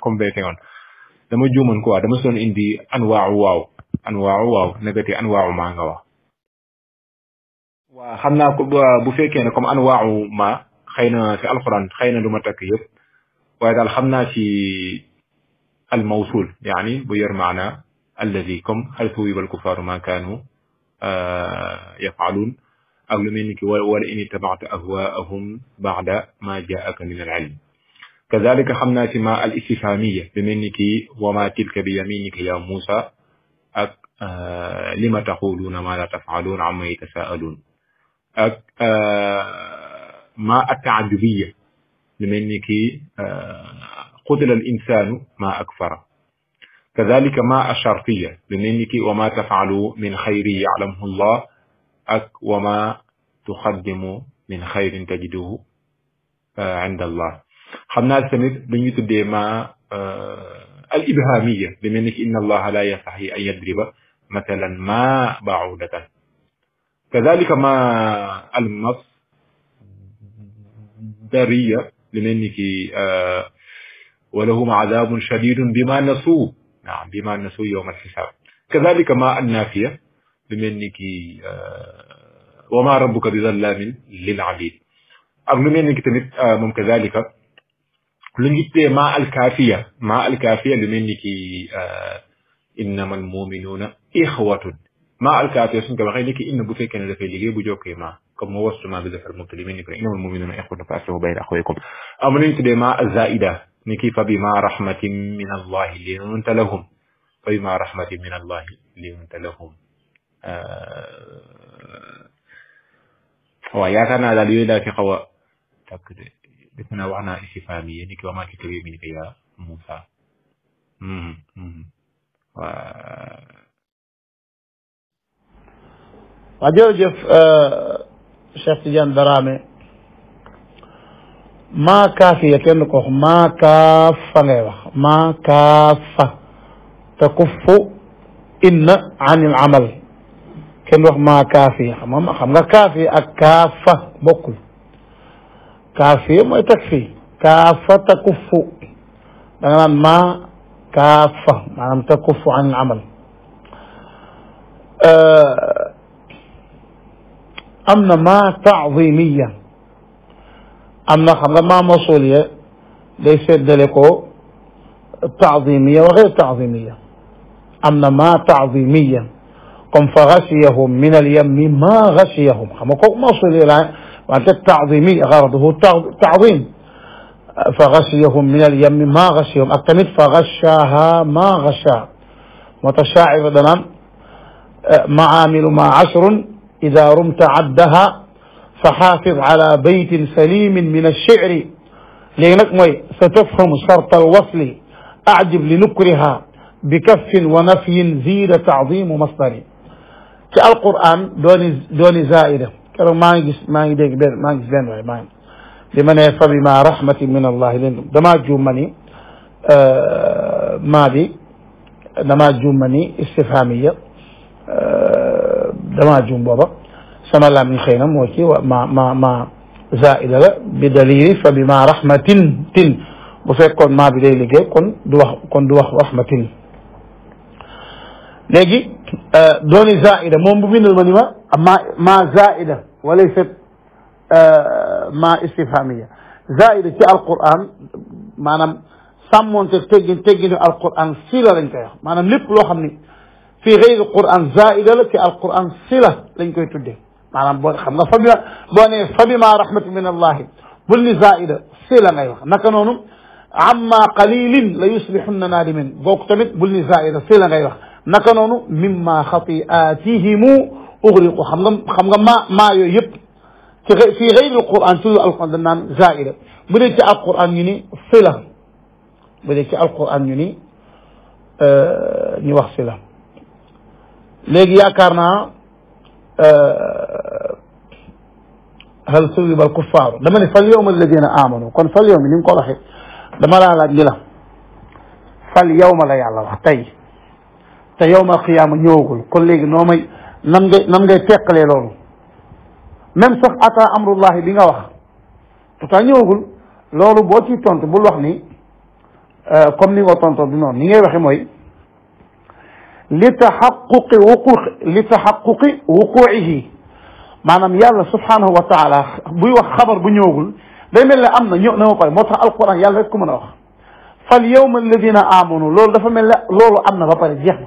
comme dama juuman quoi dama son indi anwaaru waaw anwaaru waaw negati anwaaru ma nga wax wa xamna ko bu fekke ne comme anwaaru ma xeyna xëy na si alquran xëy na du ma takk yëpp waaye daal xam naa ci الموصول يعني بير معنى الذي كم هل ثوب الكفار ما كانوا ki أو لم ولئن ahwaahum ba'da ma ja'aka min al ilm كذلك سماء الاستفهامية بمنك وما تلك بيمينك يا موسى أك آه لما تقولون ما لا تفعلون عما يتساءلون أك آه ما التعجبية بمنك آه قتل الإنسان ما أكفره كذلك ما الشرطية بمنك وما تفعلوا من خير يعلمه الله أك وما تقدم من خير تجده آه، عند الله xam naa tamit lu ñuy tuddee ma euh, al ibhamiya li mel ni ki inna مثلا ما بعودة كذلك ما المصدرية لمنك آه ولهم عذاب شديد بما نسوا نعم بما نسوا يوم الحساب كذلك ما النافية بمنك آه وما ربك بظلام للعبيد أغلمين كتبت آه ممكن ذلك lu ngitte ma alkafiya ma alkafiya lu mel ni ki innama almuminuna ixwatun ma alkafiya suñ ko waxee ni ki inna bu fekkee ne dafay liggéey bu jokkee ma comme mo wastu ma bi dafal mubtali mel ni ko innama almuminuna ixwatun fa aslihu bayna axwaykum am nañ tuddee ma zaida ni ki fa bima rahmatin min allahi linta lahum fa bima rahmatin min allahi linta lahum waaw yaakaar naa daal yooyu daal fi xaw a takk de بثنا وعنا إشي فامي يعني كلام ما كتير من كيا موسى
و اجو جف شفت جان درامي ما كافي يكن كوخ ما كاف ما كاف تكف ان عن العمل كن ما كافي ما خم كافي اكاف بكل كافية ما تكفي كافة تكف بمعنى ما كافة معنى تكف عن العمل آه، أمنا ما تعظيمية أمنا خمرا ما مصولية ليس دلكو تعظيمية وغير تعظيمية أمنا ما تعظيمية قم فغشيهم من اليم ما غشيهم مصولية موصولية وأنت تعظيمي غرضه التعظيم فغشيهم من اليم ما غشيهم أكتمد فغشاها ما غشا متشاعر دمام أه، معامل ما عشر إذا رمت عدها فحافظ على بيت سليم من الشعر لأنك موي ستفهم شرط الوصل أعجب لنكرها بكف ونفي زيد تعظيم مصدري كالقرآن دون, دون زائدة keroog maa ngi gis maa ngi dégg benn maa ngi gis benn waaye maa ngi li ma nee fa bi ma rahmatin min allah leen damaa juum ma ni euh, maa bi damaa juum ma ni istifhamiya euh, damaa juum booba sama làmmiñ xëy na moo ci wa ma ma ma zaida la bi dalili fa bi ma rahmatin tin bu fekkoon maa bi day liggéey kon du wax kon du wax rahmatin léegi آه، دوني زائدة مو مبين المنوى ما ما زائدة وليست آه، ما استفهامية زائدة في القرآن نم سمون تتجين تجين القرآن سيلة لنكيا ما نم لو خمني في غير القرآن زائدة لك القرآن سيلة لنكيا تدي نم بوني خمنا فبما بوني فبما رحمة من الله بني زائدة سيلة غير نكنونم عما قليل ليصبحن نادمين بوقت بني زائدة سيلة غير نكنونو مما خطيئاتهم اغرقوا خم ما ما يب في غير القران في القران نعم؟ زائده بدي تي القران ني فلا بدي تي القران ني ني آه، ني واخ فلا لغي ياكارنا آه، هل سوي بالكفار لما فاليوم الذين امنوا كون فاليوم نيم كو واخي دما لا لا فاليوم لا يالله تاي طيب. te yow ma xiyaama ñëwagul kon léegi noo may nan ngay nan ngay teqalee loolu même sax ata amrullahi bi nga wax pourtant ñëwagul loolu boo ci tontu bul wax ni comme ni nga tontoo du noonu ni ngay waxe mooy li taxaquqi wuqu li taxaquqi wuquihi maanaam yàlla subhanahu wa taala buy wax xabar bu ñëwagul day mel ne am na ñëw na ma pare moo tax alquran yàlla rek ku mën a wax fal yawma alladina amanu loolu dafa mel ne loolu am na ba pare jeex na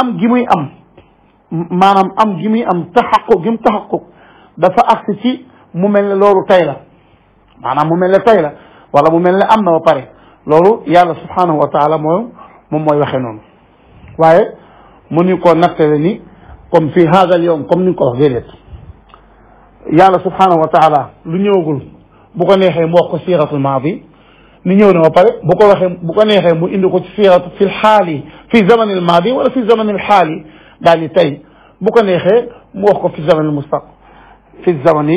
am gi muy am manam am gi muy am taxaqu gi mu taxaqu dafa agsi ci mu melni lolu tay la manam mu melni tay la wala mu melni am na ba pare lolu yàlla subhanahu wa taala mooy moy waxe non waye mu ni ko natale ni comme fi hadha al-yawm comme ni ko wax déedéet yàlla subhanahu wa taala lu ñëwagul bu ko nexe mu ko siratul maadi ni ñëw na ba pare bu ko waxe bu ko nexé mu indi ko ci fiatu fil hali fi zaman al madi wala fi zaman al hali dal ni tay bu ko nexé mu wax ko fi zaman al mustaq fi zaman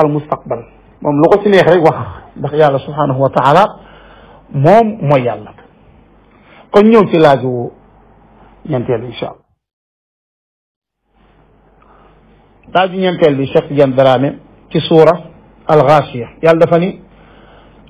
al mustaqbal mom lu ko ci nexé wax ndax yàlla subhanahu wa taala mom mo yàlla kon ñëw ci laaju ñeenteel incha allah laaju ñeenteel bi Cheikh Tidiane Dramé ci sura al Ghaashiya yàlla dafa ni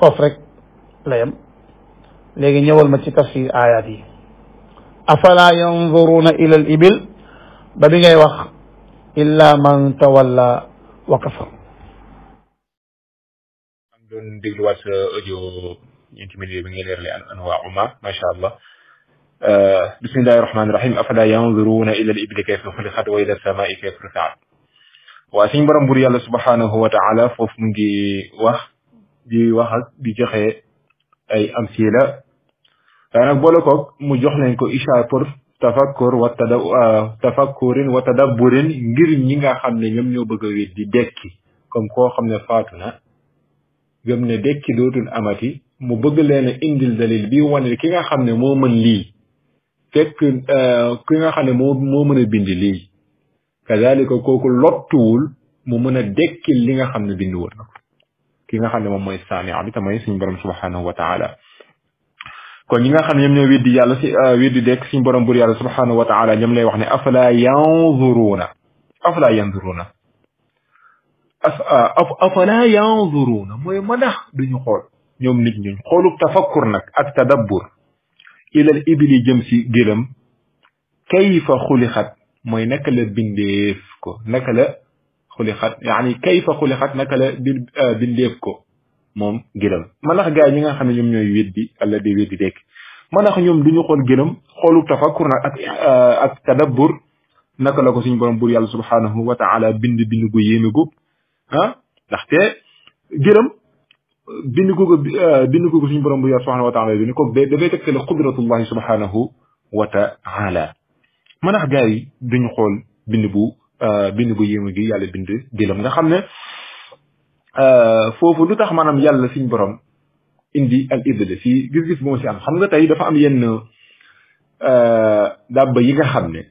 فوف ريك لايام لغي نيوال ما سي تفسير ايات يي افلا ينظرون الى الابل بابي غاي واخ الا من تولى وكفر
دون ديغلو وات اوديو نتي ميدي بي غي ليرلي انواع ما بسم الله الرحمن الرحيم افلا ينظرون الى الابل كيف خلقت والى السماء كيف رفعت وا سيني بروم سبحانه وتعالى فوف مونغي واخ di wax ak di joxe ay am si la waaye nag boole koog mu jox leen ko isha pour tafakkur wa tada tafakkurin wa tadabburin ngir ñi nga xam ne ñoom ñoo bëgg a wéet di dekki comme koo xam ne faatu na gëm ne dekki dootul amati mu bëgg leen a indil dalil bi wane ki nga xam ne moo mën lii fekk ki nga xam ne moo moo mën a bind lii kazalika kooku lottuwul mu mën a dekkil li nga xam ne bind woon na ki nga xamne mom moy sami abi tamay suñu borom subhanahu wa taala ko ñi nga xamne ñam ñoo weddi yàlla ci weddi dekk suñu borom bur yàlla subhanahu wa taala ñam lay wax ni afala yanzuruna afala yanzuruna afala yanzuruna moy ma dax duñu xol ñom nit ñu xoluk tafakkur nak ak tadabbur ila al-ibli jëm ci gëlëm kayfa khuliqat moy nak la bindeef ko nak la خلقت يعني كيف خلقت مثلا آه، بالليفكو موم جيلم ما نخ جاي نيغا خامي نيوم نيو ويدي الله دي ويدي ديك ما نخ نيوم دي نيو خول جيلم خولو تفكر نا اك اك آه، تدبر نك لاكو سيني بروم بور يالله سبحانه وتعالى بند بند غو ييميغو ها نختي جيلم بند غو آه، بند غو سيني بروم بور يالله سبحانه وتعالى دي نيكو دي دي تك قدره الله سبحانه وتعالى ما نخ جاي دي نيو خول بند بو bind bu yéemu gi yàlla bind dilam nga xam ne foofu lu tax maanaam yàlla suñ borom indi al ibda si gis-gis bu ma si am xam nga tey dafa am yenn dàbba yi nga xam ne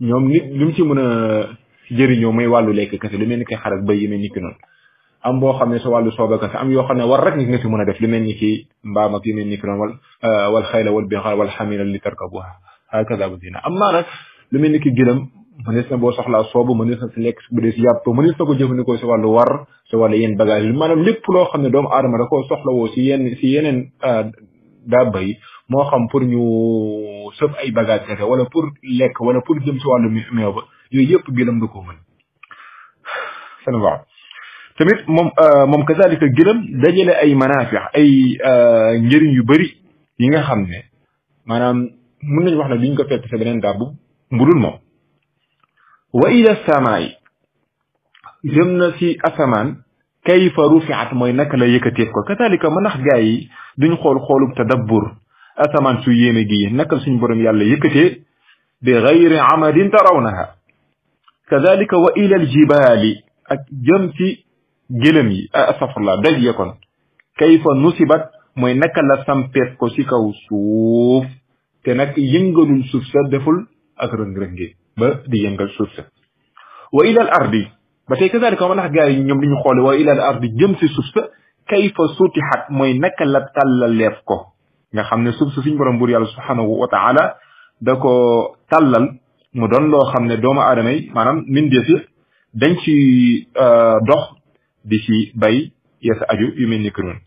ñoom nit lu ci mën a jëriñoo mooy wàllu lekk kese lu mel ni koy xar ak bëy yi mel ni ki noonu am boo xam ne sa wàllu sooba kese am yoo xam ne war rek nit nga si mën a def lu mel ni ki mbaam ak yi mel ni ki noonu wal wal xayla wal bixaar wal xamila li tarkabuha hakaza bu dina am maa nag lu mel ni ki gëlëm mënees na boo soxlaa soobu mënees na si lekk bu dee si yàpp mënees na ko jëfandikoo si wàllu war si wàllu yenn bagage maanaam lépp loo xam ne doomu aadama da koo soxlawoo si yenn si yeneen euh, daaba yi moo xam pour ñu sëf ay bagage kese wala pour lekk wala pour jëm si wàllu meew ba yooyu yëpp gëlëm da koo mën seen waaw tamit moom euh, moom kazalika gëlëm ay manafix ay euh, njëriñ yu bëri yi nga xam ne maanaam mën nañu wax ne duñ ko fekk sa beneen dàbb mbudul moom wa ila samaa'i jëm na si asamaan kayfa rufiat mooy naka la yëkkateef ko kazalika ma ndax gaa yi duñ xool xoolub tadabbur asamaan su yéene gi naka suñ borom yàlla yëkkatee bi gayri amadin tarawnaha kazalika wa ila ak jëm si gëlëm yi astafurlah daj ya kon kayfa nusibat mooy naka la sampeet ko si kaw suuf te nag yëngalul suuf sa deful ak rëng بدي yëngal suuf sa wa ila al ardi ba tey kazalika moom ndax gars yi ñoom li ñu xoole wa ila al ardi jëm si suuf sa kayfa suutihat mooy naka la tàllaleef ko nga xam ne suuf sa suñ borom buur yàlla subhanahu wa taala da ko tàllal mu doon loo xam ne doomu aadama yi maanaam mbindeef yi dañ ci dox di ci bay yeesa aju yu mel ni que noonu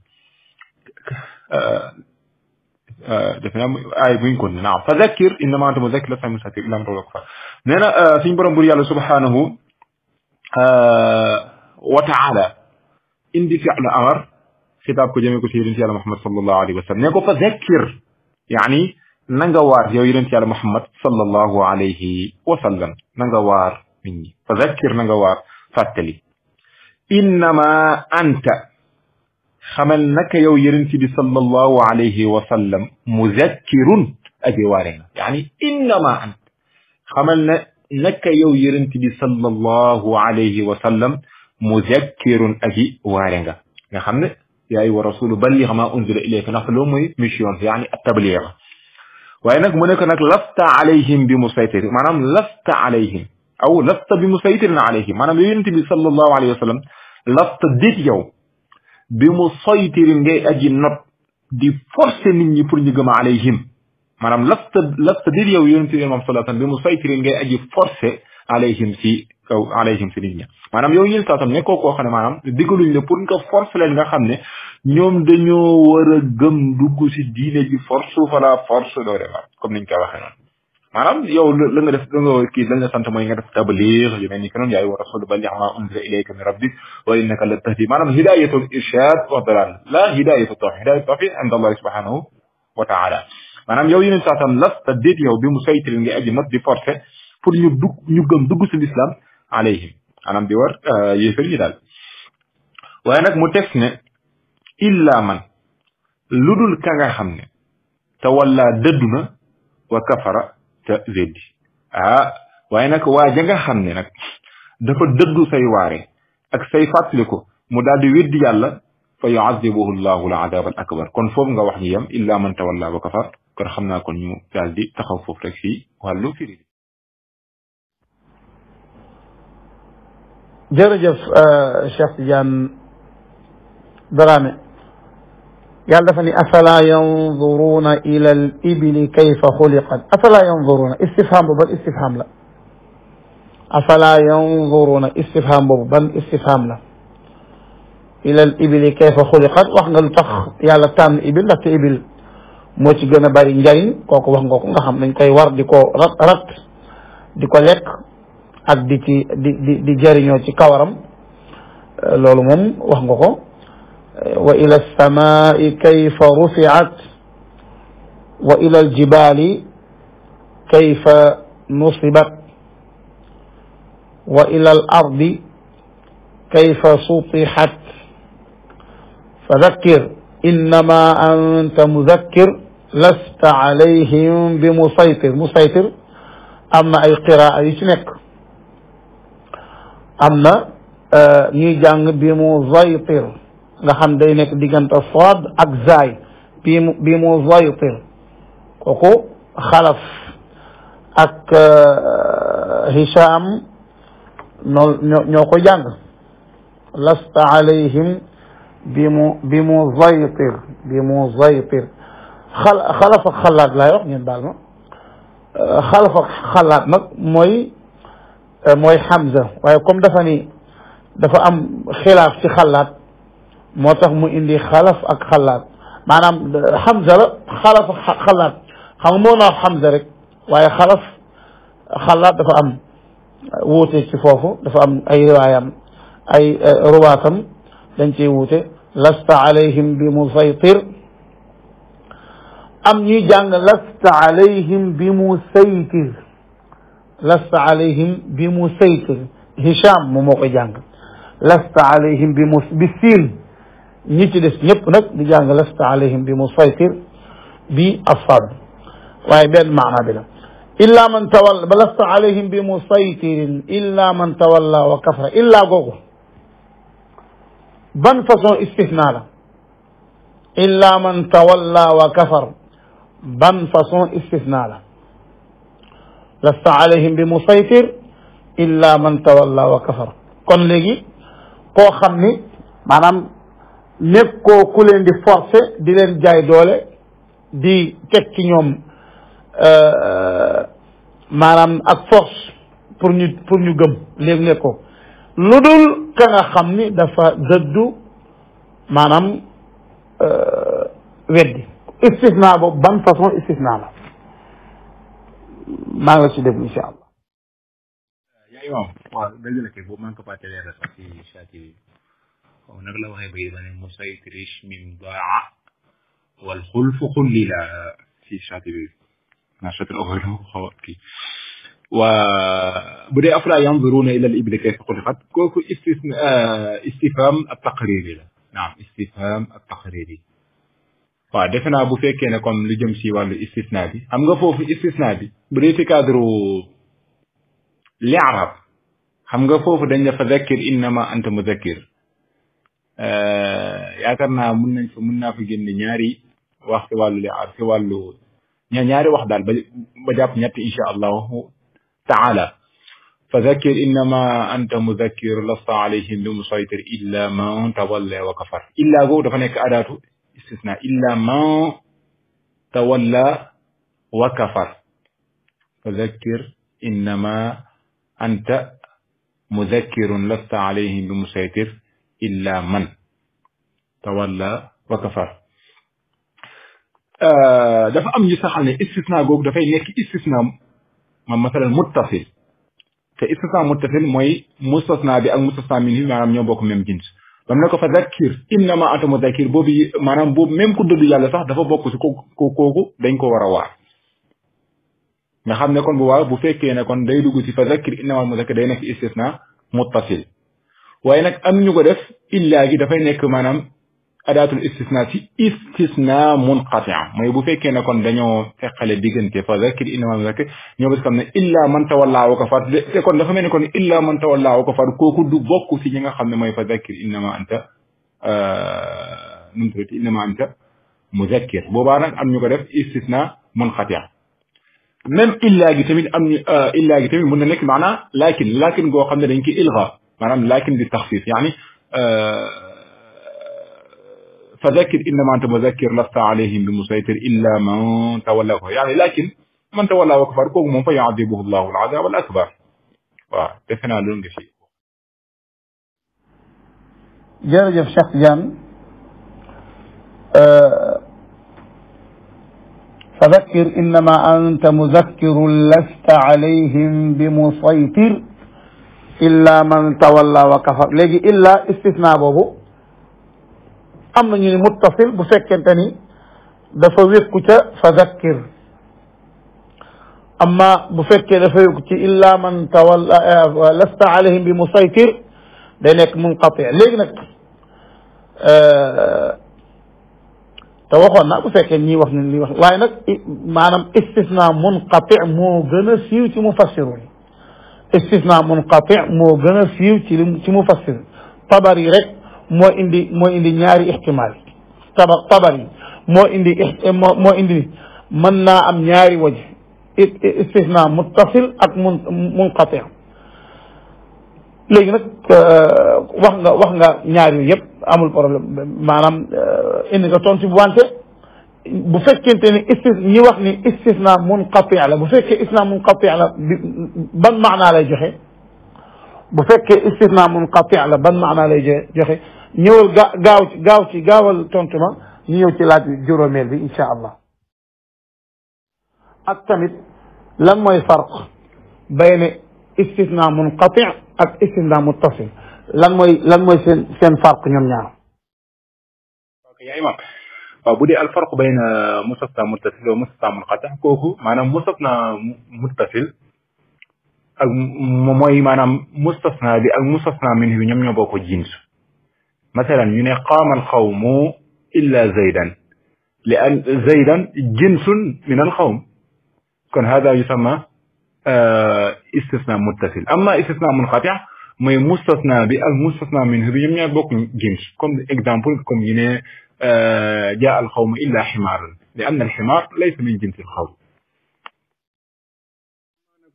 defenaa ay buñ ko naam fadhakkir innama anta mudhakkir lasta musaffir illa man tawakka nee na suñ borom bur yàlla subhanahu wa taala indi fi'l amar xitaab ko jëmee ko si yonent yàlla muhammad sallallahu alayhi wa sallam ne ko fadhakkir yaani na nga waar yow yonent yàlla muhammad sallallahu alayhi wa sallam na nga waar nit ñi fadhakkir na nga waar fàttali innama anta خمل نك يو يرنتي بي صلى الله عليه وسلم مذكر أدوارنا يعني إنما أنت خمل نك يو يرنتي بي صلى الله عليه وسلم مذكر أدوارنا يا يعني خمد يا أيها الرسول بلغ ما أنزل إليك نقل أمي مشيون يعني التبليغ وأنك منك أنك لست عليهم بمسيطر معنى لست عليهم أو لست بمسيطر عليهم معنى يرنتي بي صلى الله عليه وسلم لست ديت يوم bi mu soytirin ngay aji not di forcer nit ñi pour ñu gëm alayhim maanaam lasta lasta dir yow yonent bi moom sallallahu alayhi bi mu soytirin ngay aji forcer alayhim si kaw alayhim si nit ñi maanaam yow yonent sallallahu nekkoo koo xam ne maanaam digaluñ la pour nga forcer leen nga xam ne ñoom dañoo war a gëm dugg si diine ji force fala force doo demal comme niñ ko waxee noonu manam yow la nga def nga kii la nga sant moy nga def tabligh yu melni ni yaay wa rasul balli ma unzira ilayka min rabbik wa innaka la tahdi manam hidayatu l irshad wa dalal la hidayatu tawhid hidayatu tawfiq inda allah subhanahu wa taala manam yow yeneen satam la tadid yow bi musaytir ngi aji nag di forcé pour ñu dug ñu gëm dug ci l'islam alayhi anam bi war yéefar yi dal waaye nak mu tek ne illa man ludul ka nga xamne tawalla deduna wa kafara ca weddi ah waaye nag waa ja nga xam ne nag dafa dëddu say waare ak say fàttaliku mu daal di weddi yàlla fa yuazibuhu llahu l adab al akbar kon foofu nga wax ñu yem illa man tawalla ba kafar kon xam naa kon ñu daal di taxaw foofu rek fii wàllu firi
jërëjëf Cheikh Tidiane Dramé yàlla dafa ni afala yanzuruna ila al ibli kayfa xuliqat afala yanzuruna istifham boobu ban istifham la afala yanzuruna istifham boobu ban istifham la ila al ibli xuliqat wax nga lu tax yàlla tànn ibil ci ibil moo ci gën a bari njariñ kooku wax ngo ko nga xam dañ koy war di ko rat rat di ko lekk ak di ci di di di ci kawaram loolu moom wax nga ko وإلى السماء كيف رفعت وإلى الجبال كيف نصبت وإلى الأرض كيف سطحت فذكر إنما أنت مذكر لست عليهم بمسيطر مسيطر أما أي قراءة يشنك أما آه نيجان بمسيطر nga xam day nekk diggante sad ak zaay bii mu bii mu xalaf ak euh, Hicham noo ñoo ko jàng lasta bi mu bi mu zaytir bi mu zaytir xalaf ak xalaat laay wax ngeen baal ma euh, xalaf ak xalaat mooy euh, mooy Hamza waaye comme dafa ni dafa am xilaaf ci xalaat موتاخ مو اندي خلف اك خلات مانام حمزه لا خلف خلات خم حمزه رك واي خلف خلات دافا ام ووتي سي فوفو دافا ام اي روايام اي رواتم دنجي ووتي لست عليهم بمسيطر ام ني جان لست عليهم بمسيطر لست عليهم بمسيطر هشام مو موكو جان لست عليهم بمسيطر ñi ci des ñëpp nag di jàng lasta alayhim bi musaytir bi asfar waaye benn maana bi la illa man tawalla ba lasta alayhim bi musaytirin illa man tawalla wa kafara illa googu ban façon istithna la illa man tawalla wa kafar ban façon istithna la lasta alayhim bi musaytir illa man tawalla wa kafar kon léegi koo xam ni maanaam nekkoo ku leen di forcer di leen jaay doole di teg ci ñoom euh, maanaam ak force pour ñu pour ñu gëm léegi nekkoo lu dul ka nga xam ni dafa dëddu maanaam euh, weddi istisna boobu ban façon istisna la maa ngi la ci déglu incha allah.
maa ngi ko fàtte leeral sax ci chat yi هناك لو هي بيضا المسيط ريش من ضاع والخلف قل لا في شاتي بيض نشات الأغير مخواتي و بدي أفرا ينظرون إلى الإبل كيف خلقت كوكو استثم... آه، استفهام التقريري لا. نعم استفهام التقريري wa defena bu fekke ne comme lu jëm ci walu istisna bi xam nga fofu istisna bi bu dé ci cadre li arab xam nga fofu dañ la fa zakir inma anta muzakkir Eh, yaakaar naa mun nañ fa mun naa fa génne ñaari wax ci wàllu li aar ci wàllu ñaari wax daal ba jàpp ñett insha allah taala فذكر إنما أنت مذكر لست عليهم بمسيطر إلا من تولى وكفر إلا جو دفنك أداة استثناء إلا من تولى وكفر فذكر إنما أنت مذكر لست عليهم بمسيطر إلا من تولى وكفى دا فا ام ني استثناء غوك دا فاي نيك استثناء ما مثلا متصل كي متصل موي مستثنى بي اك مستثنى من ما نيو بوك ميم جنس بام نكو فا ذكر انما انت مذكر بوبي مانام بوب ميم كو دوب يالا صاح دا فا بوك سي كو كوكو دنج كو ورا وار ما خامني كون بو وار بو فكي ني داي دوجو سي فا ذكر انما المذكر داي نيك استثناء متصل waaye nag am ñu ko def illaa gi dafay nekk maanaam adaatul istisna ci istisna munqatia mooy bu fekkee ne kon dañoo feqale diggante fa zakir innama zakir ñoo bés xam ne illaa man tawallaa wa kafar te kon dafa mel ni kon illaa man tawallaa wa kafar kooku du bokk ci ñi nga xam ne mooy fa zakir innama anta nu mu tuddati innama anta muzakkir boobaa nag am ñu ko def istisna munqatia même illaa gi tamit am ñu illaa gi tamit mun na nekk maanaa laakin laakin goo xam ne dañ koy ilga maanaam لكن bi يعني, آه، يعني آه، فذكر انما انت مذكر لست عليهم بمسيطر الا من تولى يعني لكن من تولى وكفر قوم فيعذبه الله العذاب الاكبر ودفنا لون شيء
jërëjëf شخص جان فذكر انما انت مذكر لست عليهم بمسيطر إلا من تولى وكفر لجي إلا استثناء بابو أمني متصل بسكن تاني دفوير كتا فذكر أما بفكر دفوير كتا إلا من تولى آه، لست عليهم بمسيطر دينك منقطع لجنك أه توخونا بو فك ني واخ ني واخ واي نك استثناء منقطع مو غنا سيو تي مفسرون استثناء منقطع مو غنا سيو تي مو فسر طبري رك مو اندي مو اندي نياري احتمال طبري مو اندي مو اندي مننا ام نياري وجه استثناء متصل اك منقطع لي نك واخغا واخغا نياري ييب امول بروبليم مانام اندي غا بوانتي bu fekkente ni istis ñi wax ni istisna munqati la bu fekkee istisna munqati la ban maanaa lay joxe bu fekkee istisna munqati la ban maanaa lay joxe ñëwal gaaw ci gaaw ci gaawal tontu ma ñu ñëw ci laaj juróomeel bi insha allah ak tamit lan mooy farq bayne istisna munqati ak istisna muttasil lan mooy lan mooy seen seen farq ñoom ñaar
ok yaa imam فبودي الفرق بين مستوى متصل ومستوى منقطع كوكو معنا مستوى متصل موي معنا مستثنى دي المستثنى منه نيم نيو بوكو جينس مثلا من قام القوم الا زيدا لان زيدا جنس من القوم كان هذا يسمى آه، استثناء متصل اما استثناء منقطع مي مستثنى بالمستثنى منه بيم نيو بوكو كوم اكزامبل كوم يني جاء القوم إلا حمارا لأن الحمار ليس من جنس القوم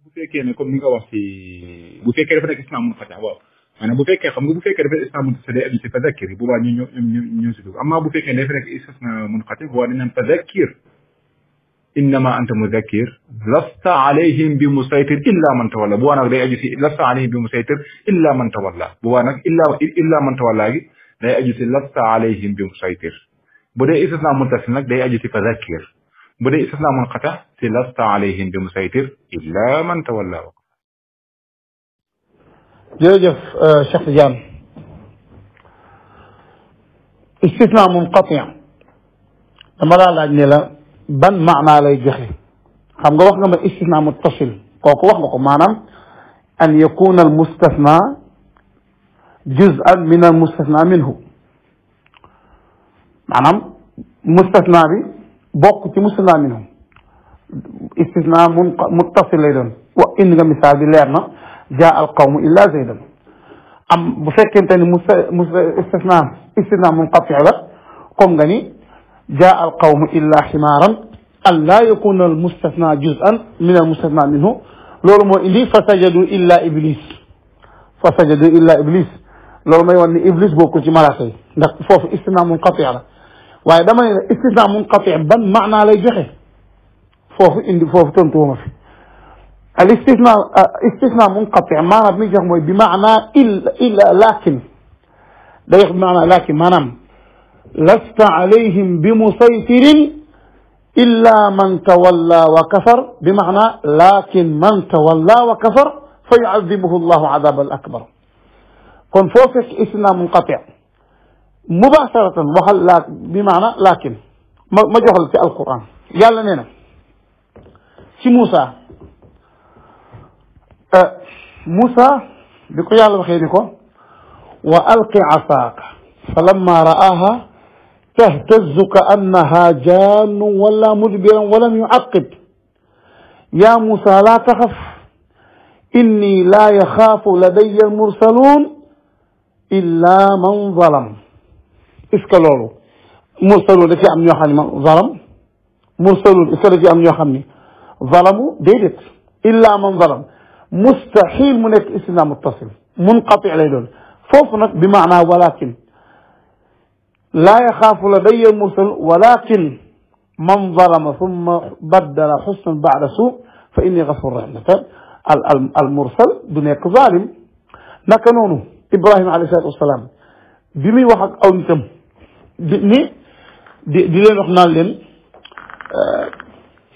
bu fekkee ne comme ni nga wax si bu fekkee dafa nekk islam munfatih waaw maanaam bu fekkee xam nga bu fekkee dafa islam munfatih day aju si tazakir bu baa ñu ñu ñu ñu si dugg amma bu fekkee dafa nekk islam munfatih waa dinañ tazakir إنما أنت مذكر لست عليهم بمسيطر إلا من تولى بوانك دي أجي لست عليهم بمسيطر إلا من تولى بوانك إلا إلا من تولى day aju ci lasta alayhim bi musaytir bu dee istisna muntasil nak day aju ci fa zakkir bu dee istisna munqata ci lasta alayhim bi musaytir illa man tawalla wa
jërëjëf Cheikh Tidiane istisna munqati dama la laaj ne la ban maana lay joxe xam nga wax nga ma istisna muttasil koku wax nga ko manam an yakuna al mustasna juz'an min al mustasna minhu maanaam mustasna bi bokk ci mustasna minhu istisna mun muttasil lay doon wax indi nga misaal bi leer na jaa al qawmu illa zaydan am bu fekkente ni musta musta istisna istisna munqati la comme nga ni jaa al qawmu illa ximaaran an laa yakuna al mustasna juz'an min al mustasna minhu loolu moo indi fa sajadu illa iblis fa sajadu illa iblis loolu may wan ni iblis bokkul ci malaaka yi ndax foofu istisna munqati la waaye dama ne istisna munqati ban maanaa lay joxe foofu indi foofu tontuwuma fi al istisna istisna munqati maanaam bi muy jox mooy bi maanaa illa illa laakin day wax bi maanaa laakin maanaam lasta alayhim bi musaytirin إلا من تولى وكفر بمعنى لكن من تولى وكفر فيعذبه الله عذاب الأكبر كون فوفيك اسنا منقطع مباشرة وحل لا بمعنى لكن ما جهل في القرآن قال نينا شي موسى أه موسى بكو يالا بخيريكو وألقي عصاك فلما رآها تهتز كأنها جان ولا مدبرا ولم يعقب يا موسى لا تخف إني لا يخاف لدي المرسلون الا من ظلم اسكا لولو مرسلو دا في ام ньо خامي ظلم مرسلو اسكا دا في ام ньо ظلمو ديدت الا من ظلم مستحيل منك اسنا متصل منقطع لي دون فوف بمعنى ولكن لا يخاف لدي المرسل ولكن من ظلم ثم بدل حسنا بعد سوء فاني غفور رحمه المرسل دون ظالم نك Ibrahima alayhi salaatu wa salaam bi muy wax ak aw nitam di ni di di leen wax naan leen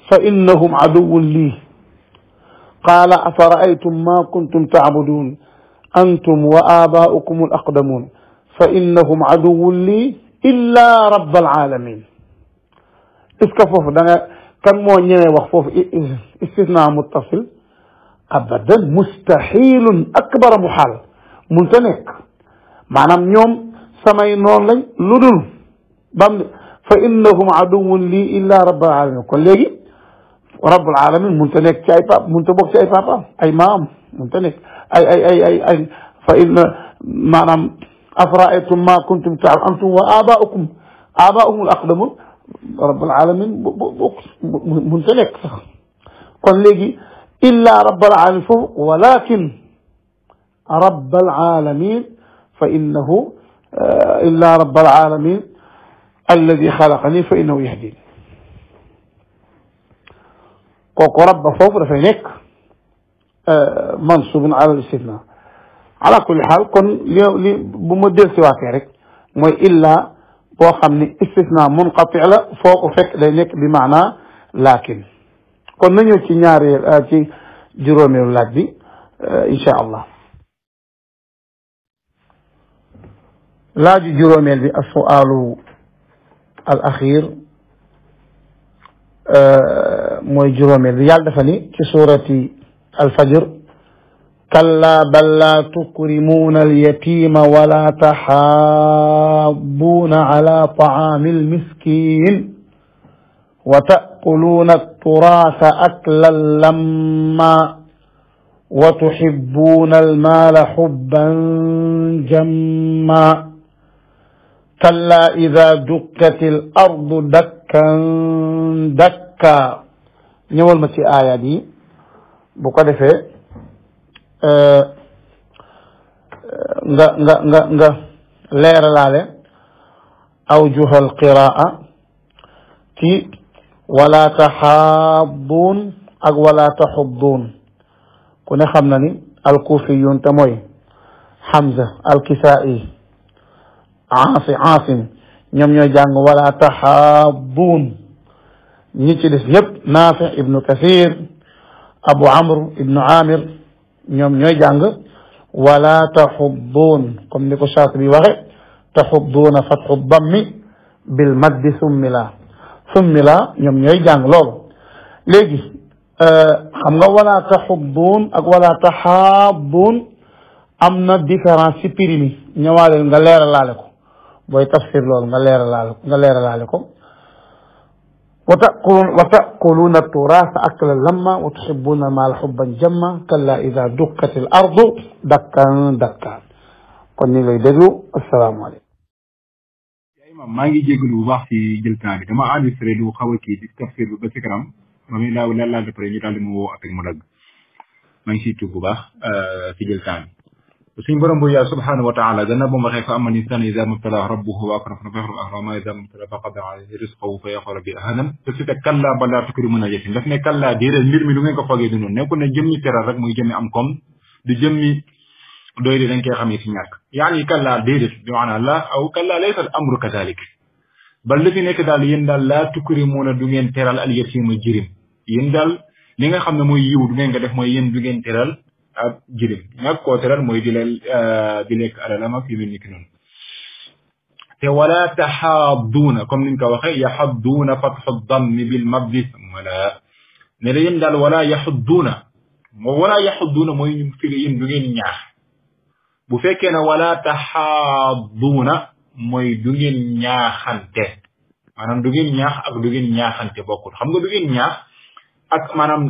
fa innahum aduwwun lii qaala afa raaytum ma kuntum tacbuduun antum wa aabaa'ukum alaqdamuun fa innahum aduwwun lii illa rabb alaalamiin est ce que foofu da nga kan moo ñëwee wax foofu istisna muttasil abadan mustahilun akbar muhaal ملتنك معنام يوم سمعي نون لين لدل بام فإنهم عدو لي إلا رب العالمين كلي رب العالمين ملتنك شاي باب ملتبوك شاي باب أي مام ملتنك أي أي أي أي, أي. فإن معنام أفرأيتم ما كنتم تعلمون أنتم وآباؤكم آباؤهم الأقدمون رب العالمين ملتنك كلي إلا رب العالمين ولكن رب العالمين فإنه آه، إلا رب العالمين الذي خلقني فإنه يهديني كوكو رب فوق رفينك آه، منصوب على الاستثناء على كل حال كن بمدير سواكيرك موي إلا بوخمني استثناء منقطع لا فوق فك لينك بمعنى لكن كن نيو تي نياري تي آه، جرومي لاج ان شاء الله لا جروميل بي السؤال الاخير ا موي جروميل يال دافاني في سوره الفجر كلا بل لا تكرمون اليتيم ولا تحابون على طعام المسكين وتأكلون التراث أكلا لما وتحبون المال حبا جمّا kallaa idaa dukkatil ardu dakkan dakkaa ñëwal ma ci aayaat yi bu ko defee nga nga nga nga leeralaale awjuhal qiraa ci wala taxaabbuun ak wala taxubbuun ku ne xam na ni alkuufiyuun te mooy Hamza alkisaa'i aafi aafin ñoom ñooy jàng wala taxaabuun ñi ci des ñëpp naafi ibnu kasir abu amr ibnu amir ñoom ñooy jàng wala taxubbuun comme ni ko Shaatibi waxe taxubbuuna fatxu dammi bil maddi summi laa summi laa ñoom ñooy jàng loolu léegi xam nga wala taxubbuun ak wala taxaabuun am na différence ci prix mi ñëwaaleel nga leeralaale ko booy tafsir loolu nga leeralaal nga leeralaale ko wa taqulun wa taquluna turaasa akla lamma wa tuhibbuna maal xubban jamma kalla ida dukkat al ardu dakkan dakkan kon ñu ngi lay déglu asalaamaaleykum
imam maa ngi jégalu bu baax ci jël temps bi dama enregistré lu xaw a kii di tafsir bi ba si kanam ma mi laaw la laal après ñu daal di mu woo après mu dagg maa ngi siy tuub bu baax ci jël temps bi سين برام بويا سبحانه وتعالى ذنب بوم خيف أما الإنسان إذا مبتلى ربه وأكرم في نفخر الأهرام إذا مبتلى فقد عليه رزقه فيقول بي أهنم فسيت كلا بلا فكر من أجل لكن كلا دير المير من لونك فاجدون نكون جمي ترى رقم جمي أمكم دجمي دير لنك يا خميس ياك يعني كلا دير بمعنى لا أو كلا ليس الأمر كذلك بل الذي نكذال يندل لا تكرمون دونك ترى الأليسين مجرم يندل لنك خم مو يود لنك دخ مو يندل ab jire nak ko teral moy dilal di nek alalama fi min nek non te wala tahaduna kom niñ ka waxe fatḥ dhamm bil mabdi wala ne leen dal wala yahadduna mo wala yahadduna moy ñu fi leen du ngeen ñaax bu fekke na wala tahaduna moy du ngeen ñaaxante manam du ngeen ñaax ak du ngeen ñaaxante bokul xam nga du ngeen ñaax ak maanaam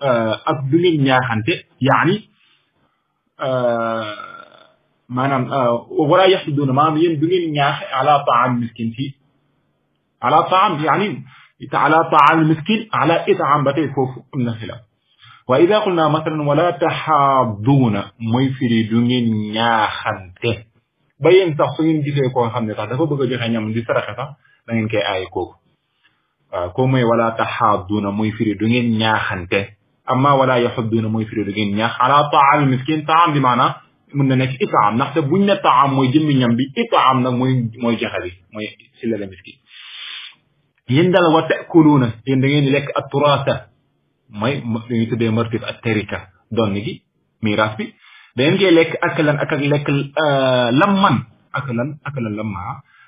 ak du leen ñaaxante yaani maanaam wala yaxsuduuna maanaam yéen du ngeen ñaaxe ala taam miskin fii ala taam yaani ala taam miskin ala itaam ba tey foofu am na xilaaf wa ida qulna masalan wala taxaaduuna mooy firi du ngeen ñaaxante ba yéen sax su ngeen gisee koo xam ne sax dafa bëgg a joxe ñam di saraxe sax da ngeen koy aaye kooku waaw koo mooy wala taxaaduuna mooy firi du ngeen ñaaxante اما ولا يحبون موي فيرو دين نياخ على طعام المسكين طعام بمعنى من نك اطعام نحسب بو طعام موي جيم نيام بي اطعام نك موي موي جخالي موي سيلا المسكين يندل وتاكلون ين داغي ليك التراث موي ني يعني تدي مرتف التركه دون ني ميراث بي داين جي ليك اكلا اك ليك آه، لمن اكلا اكلا لما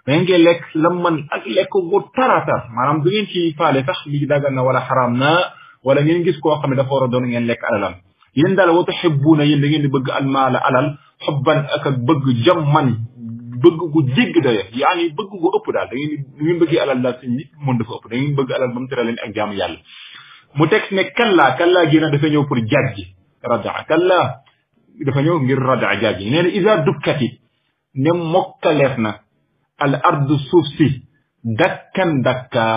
داين جي ليك لمن اك ليك غو تراث مانام دوين سي فالي صح لي داغنا ولا حرامنا wala ngeen gis koo xam ne dafa war a doon ngeen lekk alalam yéen daal wa tuxibbuuna yéen da ngeen di bëgg almaala alal xubban ak ak bëgg jamman bëgg gu jégg daye yaani bëgg gu ëpp daal da ngeen da ngeen bëggee alal daal suñ nit mën dafa ëpp da ngeen bëgg alal ba mu tere leen ak jaamu yàlla mu teg ne kallaa kallaa gi nag dafa ñëw pour jajji radaa kallaa dafa ñëw ngir radaa jajji nee na isa dukkati ne mokkaleef na al ardu suuf si dakkan dakkaa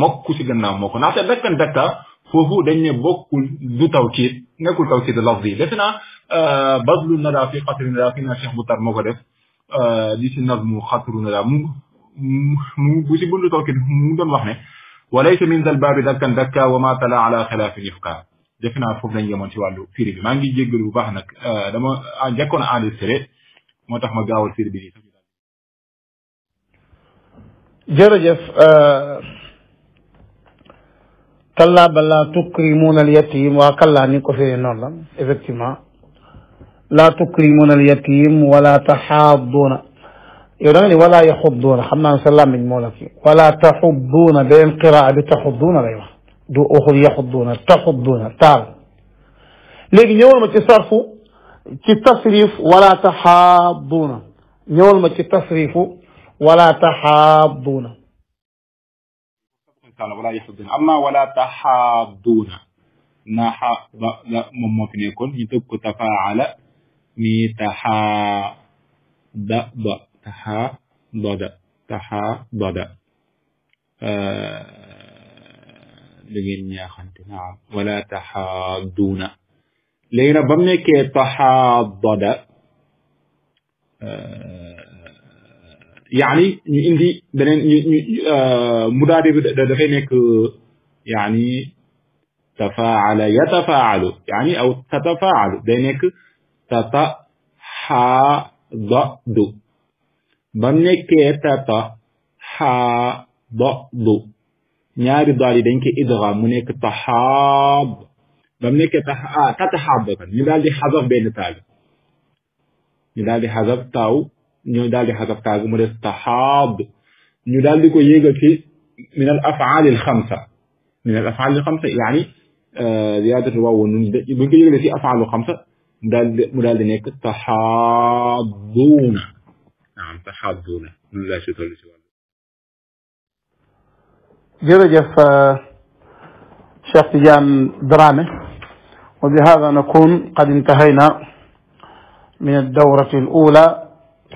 mokku si gannaaw moo ko ndaxte dakkan dakkaa foofu dañ ne bokkul du tawkiid nekkul tawkiid lafzi defe naa badlu nada fi xatru nada fi naa Cheikh Moutar moo ko def di si nazmu xatru nada mu mu bu si bundu tawkiid mu doon wax ne walaysa min zal baabi dakkan dakka wa ma tala ala xilaafin yufka defe naa foofu lañ yemoon ci wàllu firi bi maa ngi jéggalu bu baax nag dama njëkkoon a enregistré moo tax ma gaawal firi bi nii jërëjëf
كلا بلا تكرمون اليتيم وكلا نيكو في نولم افكتما لا تكرمون اليتيم ولا تحاضون يقول ولا يحضون حمام سلام من مولك ولا تحضون بين قراءة بتحضون ريوة دو أخر يحضون تحضون تعال لكن نيول ما تصرفوا تتصرف ولا تحاضون نيول ما تتصرفوا ولا تحاضون
تعالى ولا يحضن أما ولا تحاضون نحا لا ممكن يكون يتبقى تفاعل مي تحا دب تحا ضد تحا ضد dangeen ñaaxante naam wala taxaaduuna léegi nag ba mu nekkee taxaadada يعني ني اندي بنين مدارب دا يعني تفاعل يتفاعل يعني او تتفاعل بينك تتا ها ض د بنك تتا ها ض د نياري داري بينك ادغام منك تحاب بنك تتحاب ني دالدي حذف بين تالي ني دالدي حذف تاو ñooy daal di xasab kaagu mu des taxaab ñu daal di ko yéegal ci min al afaal al xamsa min al afaal al xamsa yaani ziyaadatu waaw wa nun buñ ko yéegalee ci afaalu xamsa mu daal di mu daal di nekk taxaabuuna naam taxaabuuna nun laa si toll si wàllu
jërëjëf Cheikh Tidiane Dramé وبهذا نكون قد انتهينا من الدورة الأولى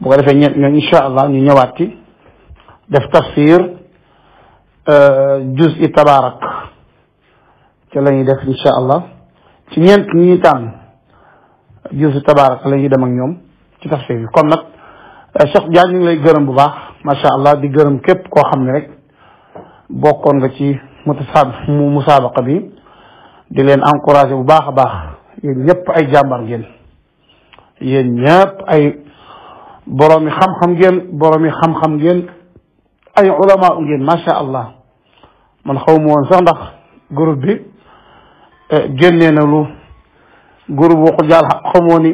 bu ko defee ñett insha allah ñu ñëwaat ci def tafsir eh, juz i tabarak ci la ñuy def insha allah ci ñent ñi ñu tànn juz i tabarak la ñuy dem ak ñoom ci tafsir bi kon nag cheikh eh, jaan ñu ngi lay gërëm bu baax macha allah di gërëm képp koo xam ne rek bokkoon nga ci mutasab mu musabaqa bi di leen encourager bu baax a baax yéen ñëpp ay jàmbar ngeen yéen ñëpp ay برامي خم خم جن برامي خم خم جن أي علماء جن ما شاء الله من خوم وانسان دخ جروب جن ينالو جروب وقجال خموني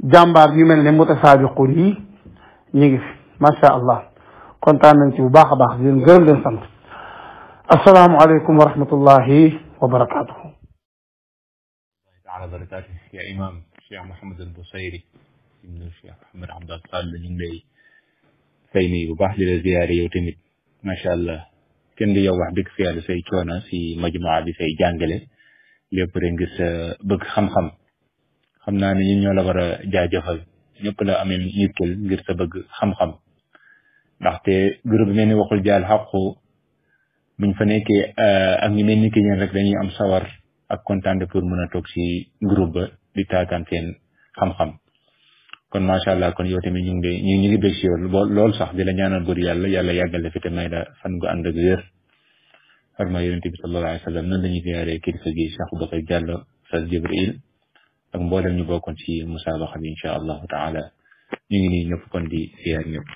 جامبار يمن نموت أصحاب قولي ما شاء الله كنت أنا نتي وباخ باخ جن جرم دنسان السلام عليكم ورحمة الله وبركاته
على درجات الشيخ إمام الشيخ محمد البصيري ibnu Cheikh Ahmed Abdass Sall ñu ngi lay bu baax di la ziyaare yow macha allah kenn di yow wax dëgg fi yàlla say coono si majmaa bi say jàngale lépp rek ngir sa bëgg xam-xam xam naa ne ñun ñoo la war a jaajëfal ñëpp la amee yitteel ngir sa bëgg xam-xam ndaxte groupe bi mel ni waxul jaal xàqu buñ fa nekkee euh, ak ñu mel ni ki ñeen rek dañuy am sawar ak kontaan pour mën a toog si groupe ba di taataan seen xam-xam kon macha allah kon yow tamit ñu ngi lay ñu ñu ngi bég si yow lool sax di la ñaanal góor yàlla yàlla yàggal la fi te may la fan nga ànd ak wér farma yonent bi sallallahu alayhi wa sallam nan la ñuy ziyaare kilifa gi Cheikh Bakay Diallo Sas Jibril ak mboolem ñu bokkoon ci musaabaxa bi incha allahu taala ñu ngi nii ñëpp kon
di ziyaar ñëpp.